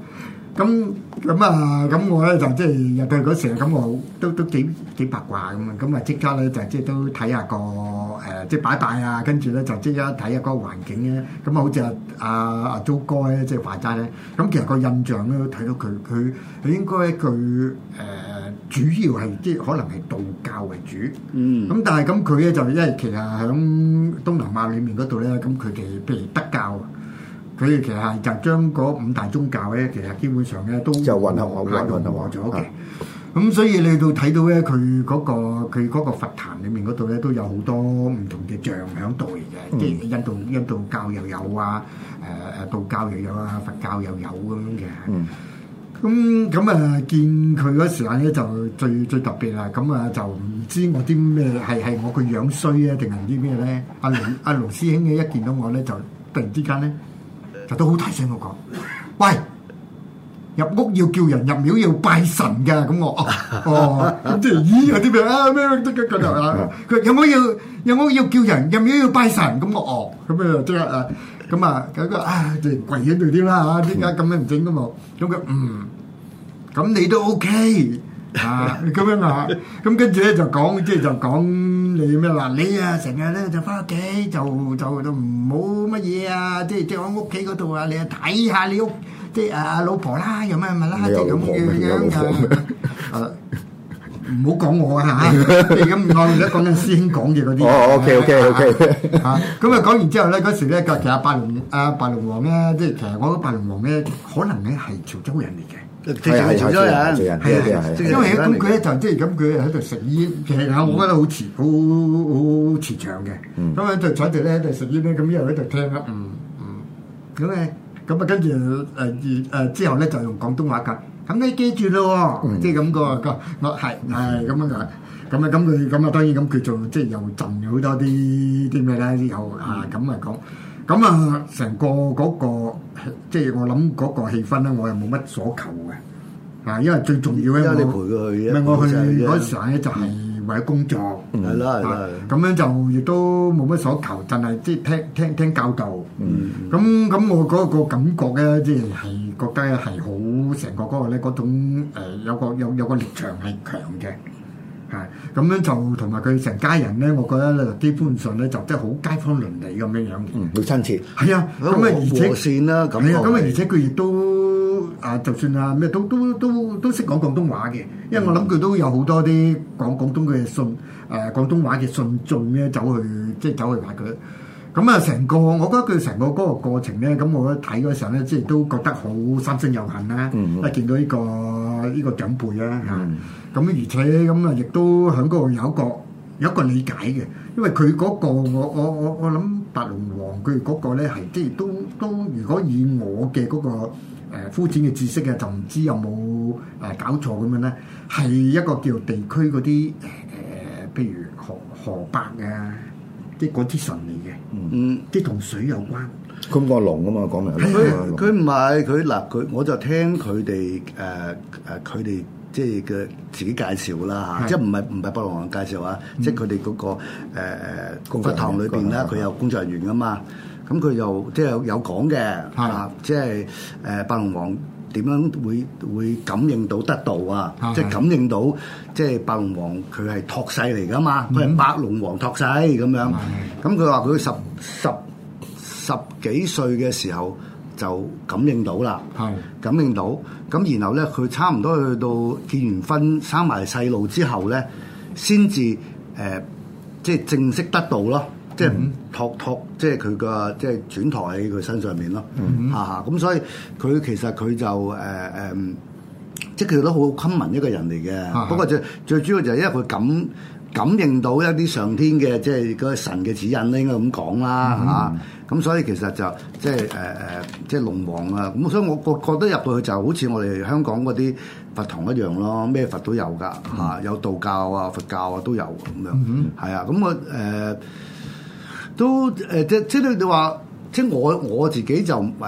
咁咁啊咁，我咧就即係入邊嗰成咁，我好都都幾幾八卦咁啊！咁啊，即刻咧就即係都睇下個。誒、呃、即擺擺啊，跟住咧就即刻睇下嗰個環境咧，咁、嗯、啊好似阿阿阿祖哥咧即係話齋咧，咁其實個印象咧都睇到佢佢佢應該佢誒、呃、主要係即可能係道教為主，嗯，咁但係咁佢咧就因為其實喺東南亞裡面嗰度咧，咁佢哋譬如德教，佢哋其實就將嗰五大宗教咧，其實基本上咧都就混合混混合咗。咁所以你到睇到咧，佢嗰、那個佢嗰佛壇裏面嗰度咧，都有好多唔同嘅像喺度嚟嘅，嗯、即係印度印度教又有啊，誒、呃、誒道教又有啊，佛教又有咁、啊、樣嘅。咁咁、嗯、啊，見佢嗰時刻咧就最最特別啦。咁啊，就唔知我啲咩係係我個樣衰啊，定唔知咩咧？阿龍 阿龍師兄咧一見到我咧就突然之間咧就都好大聲我，我講喂！入屋要叫人，入廟要拜神噶。咁我哦哦，咁即係咦，有啲咩啊咩咩得嘅？咁又啊，佢話有冇要有冇要叫人，入廟要拜神。咁我哦，咁啊即係啊咁啊，佢話啊就跪喺度添啦，嚇。點解咁樣唔整嘅我，咁佢嗯，咁你都 OK 啊咁樣啊，咁跟住咧就講即係就講你咩啦，你啊成日咧就翻屋企就就就唔好乜嘢啊，即係即係我屋企嗰度啊，你啊睇下你屋。即係啊老婆啦，有咩咪啦，即係咁樣樣，誒唔好講我啊嚇！而家我而家講緊師兄講嘅嗰啲。哦，OK OK OK。嚇，咁啊講完之後咧，嗰時咧，其實白龍啊白龍王咧，即係其實我覺得白龍王咧，可能咧係潮州人嚟嘅，其實係潮州人，係啊係啊，因為咁佢咧就即係咁，佢喺度食煙，其實我覺得好慈，好好慈祥嘅。嗯。咁樣就坐住咧喺度食煙咧，咁一路喺度聽啦。嗯嗯。咁啊。咁啊，跟住誒二之後咧，就用廣東話噶。咁你記住咯，即係咁個個我係係咁樣噶。咁啊咁佢咁啊，當然咁佢做即係又震咗好多啲啲咩咧，有啊咁嚟講。咁、嗯、啊，成、嗯、個嗰、那個即係、就是、我諗嗰個氣氛咧，我又冇乜所求嘅。啊，因為最重要咧，因為你陪佢去嘅，咪我去嗰陣時咧就係、是。嗯為咗工作，係啦係咁樣就亦都冇乜所求，凈係即係聽聽聽教導。嗯，咁咁我嗰個感覺咧，即係係覺得係好成個嗰個咧，嗰種、呃、有個有有個力場係強嘅。係，咁樣就同埋佢成家人咧，我覺得咧基本上咧就即係好街坊鄰里咁嘅樣。嗯，好親切。係啊，咁、嗯、啊，啊就是、而且算啦，咁。係啊，咁啊，而且佢亦都啊，就算啊咩都都都都識講廣東話嘅，因為我諗佢都有好多啲講廣東嘅信誒、啊、廣東話嘅信眾咧、就是、走去即係走去拜佢。咁啊，成個我覺得佢成個嗰個過程咧，咁我睇嗰時候咧，即係都覺得好三生有幸啦、啊，因為、嗯、見到呢、這個。呢個長輩啦，嚇、嗯，咁而且咁啊、嗯，亦都喺嗰度有一個有一個理解嘅，因為佢嗰、嗰個我我我我諗白龍王佢嗰個咧係即係都都，如果以我嘅嗰、嗰個誒膚淺嘅知識啊，就唔知有冇誒、呃、搞錯咁樣咧，係一個叫地區嗰啲誒譬如河河伯啊，即嗰啲神嚟嘅，嗯，即同、嗯、水有關。咁個龍啊嘛，講明佢。佢唔係佢嗱佢，我就聽佢哋誒誒佢哋即係嘅自己介紹啦嚇，即係唔係唔係白龍王介紹啊？即係佢哋嗰個誒供佛堂裏邊啦，佢有工作人員啊嘛，咁佢又即係有講嘅，啊，即係誒白龍王點樣會會感應到得道啊？即係感應到即係白龍王佢係託世嚟噶嘛？佢係白龍王託世咁樣，咁佢話佢十十。十幾歲嘅時候就感應到啦，是的 感應到咁，然後咧佢差唔多去到結完婚生埋細路之後咧，先至誒，即係正式得到咯，嗯、即係托托，即係佢個即係轉台喺佢身上面咯。嚇嚇咁，所以佢其實佢就誒誒、呃，即係佢都好親民一個人嚟嘅。是的 不過最最主要就係因為佢咁。感應到一啲上天嘅即係嗰神嘅指引咧，應該咁講啦嚇。咁、嗯哼啊、所以其實就即係誒誒，即係、呃、龍王啊。咁所以我覺覺得入到去就好似我哋香港嗰啲佛堂一樣咯。咩佛都有㗎嚇、嗯哼啊，有道教啊、佛教啊都有咁樣。係、嗯、哼啊，咁我誒、呃、都誒即即係你話，即係我我自己就誒冇、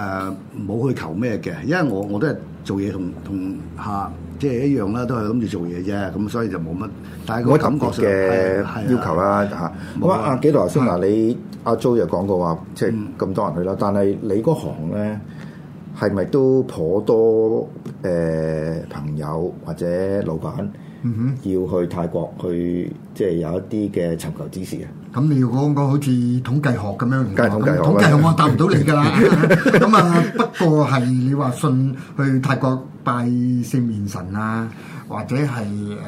呃、去求咩嘅，因為我我都係做嘢同同下。即係一樣啦，都係諗住做嘢啫，咁所以就冇乜唔我感覺嘅要求啦吓。好啊，阿紀陶先嗱。啊、你阿、啊啊、Joe 又講過話，即係咁多人去啦，嗯、但係你嗰行咧係咪都頗多誒、呃、朋友或者老闆？嗯嗯哼，要去泰國去，即係有一啲嘅尋求指示啊。咁你要講講好似統計學咁樣，統計學統計學，我答唔到你噶啦。咁啊，不過係你話信去泰國拜四面神啊，或者係誒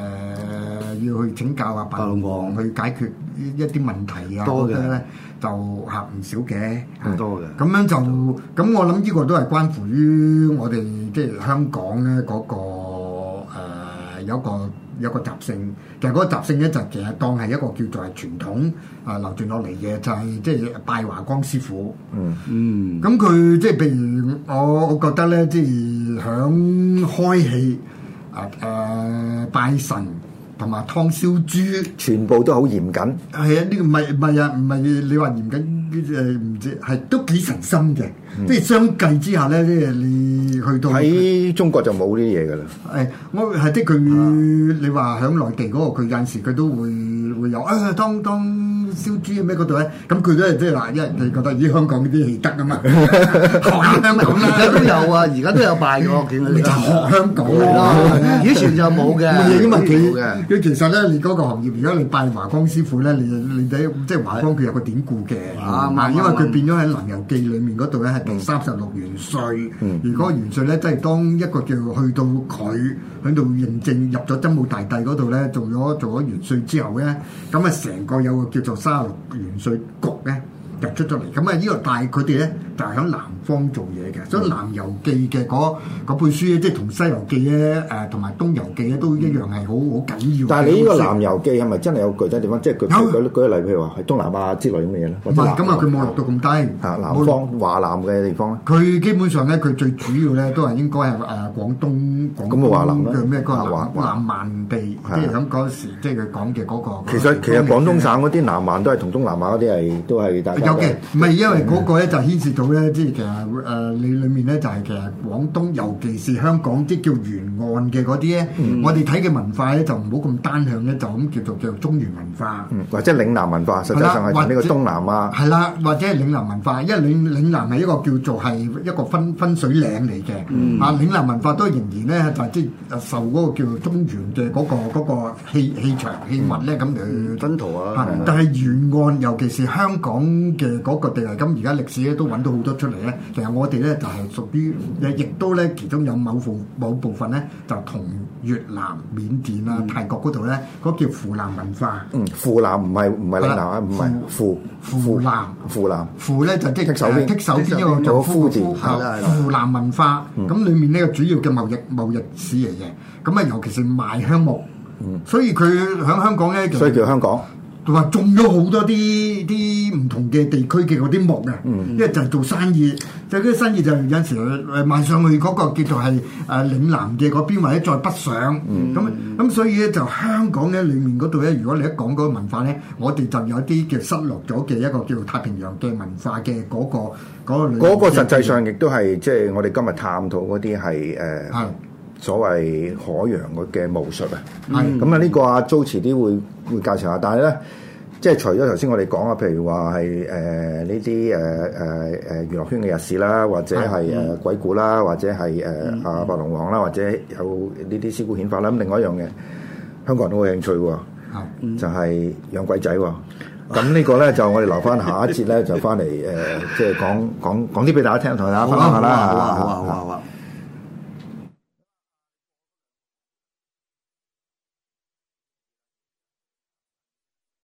要去請教阿白龍王去解決一啲問題啊，多嘅咧就吓唔少嘅，多嘅。咁樣就咁，我諗呢個都係關乎於我哋即係香港咧嗰個。有一個有一個習性，就係嗰個習性一直其實當係一個叫做係傳統啊、呃、流傳落嚟嘅，就係即係拜華光師傅。嗯嗯，咁佢即係譬如我，我覺得咧，即係響開戲啊誒拜神。同埋湯燒豬，全部都好嚴謹。係啊，呢個唔係唔係啊，唔係你話嚴謹，誒唔止，係、呃、都幾誠心嘅。即係、嗯、相繼之下咧，即係你去到喺中國就冇呢啲嘢㗎啦。誒，我係的佢，啊、你話喺內地嗰、嗰個，佢有時佢都會會有誒當、啊、當。當燒豬咩嗰度咧？咁佢都係即係嗱，因為你覺得依香港嗰啲戲得啊嘛，學香港咁啦， 都有啊，而家都有拜過，幾你咧學香港 以前就冇嘅。因佢其實咧，你嗰個行業，如果你拜華光師傅咧，你你睇即係華光，佢有個典故嘅啊，因為佢變咗喺《南遊記》裡面嗰度咧，係第三十六元帥。如果元帥咧，即係當一個叫去到佢喺度認證入咗真武大帝嗰度咧，做咗做咗元帥之後咧，咁啊成個有個叫做。三十六元帥局咧？入出咗嚟，咁啊呢個大佢哋咧就喺、是、南方做嘢嘅，所以《南遊記》嘅嗰本書咧，即係同《西遊記呢》咧、呃、誒同埋《東遊記呢》咧都一樣係好好緊要。但係你呢個《南遊記》係咪真係有具體地方？即係舉舉有舉例，譬如話喺東南亞之類咁嘅嘢咧。咁啊佢冇落到咁低。南方有華南嘅地方咧。佢基本上咧，佢最主要咧都係應該係誒、呃、廣東廣東嘅咩嗰個南、啊、南蠻地，啊、即係咁陣時即係佢講嘅嗰、那個。其實其實廣東省嗰啲南蠻都係同東南亞嗰啲係都係大。O.K. 唔係因為嗰個咧就牽涉到咧，即係其實誒你裡面咧就係其實廣東，尤其是香港啲叫沿岸嘅嗰啲咧，我哋睇嘅文化咧就唔好咁單向咧，就咁叫做叫做中原文化，或者嶺南文化，實際上係呢個東南亞。係啦，或者係嶺南文化，因為嶺嶺南係一個叫做係一個分分水嶺嚟嘅，啊嶺南文化都仍然咧就即係受嗰個叫做中原嘅嗰個嗰個氣氣場氣氛咧咁嚟去。分途啊！但係沿岸，尤其是香港。嘅嗰個地位，咁而家歷史咧都揾到好多出嚟咧。其實我哋咧就係屬於，亦亦都咧其中有某部某部分咧就同越南、緬甸啊、泰國嗰度咧，嗰個叫扶南文化。嗯，扶南唔係唔係嶺南啊，唔係扶扶南扶南扶咧就即係剔手邊一個叫夫字嚇，扶南文化。咁裡面咧個主要嘅貿易貿易史嚟嘅，咁啊尤其是賣香木。嗯，所以佢喺香港咧，所以叫香港。話種咗好多啲啲唔同嘅地區嘅嗰啲木嘅、啊，嗯、因為就係做生意，就啲、係、生意就係有時賣上去嗰個、啊，叫做係誒嶺南嘅嗰邊，或者再北上，咁咁、嗯、所以咧就香港咧裏面嗰度咧，如果你一講嗰個文化咧，我哋就有啲嘅失落咗嘅一個叫做太平洋嘅文化嘅嗰個嗰個。嗰、嗰個、個實際上亦都係即係我哋今日探討嗰啲係誒。呃所謂海洋嘅巫術啊，咁啊呢個阿 Joe 遲啲會會介紹下。但係咧，即係除咗頭先我哋講啊，譬如話係誒呢啲誒誒誒娛樂圈嘅日事啦，或者係誒鬼故啦，或者係誒阿白龍王啦，或者有呢啲師傅顯法啦。咁另外一樣嘢香港人都好興趣喎，就係養鬼仔喎。咁呢個咧就我哋留翻下一節咧，就翻嚟誒，即係講講講啲俾大家聽，同大家分享下啦。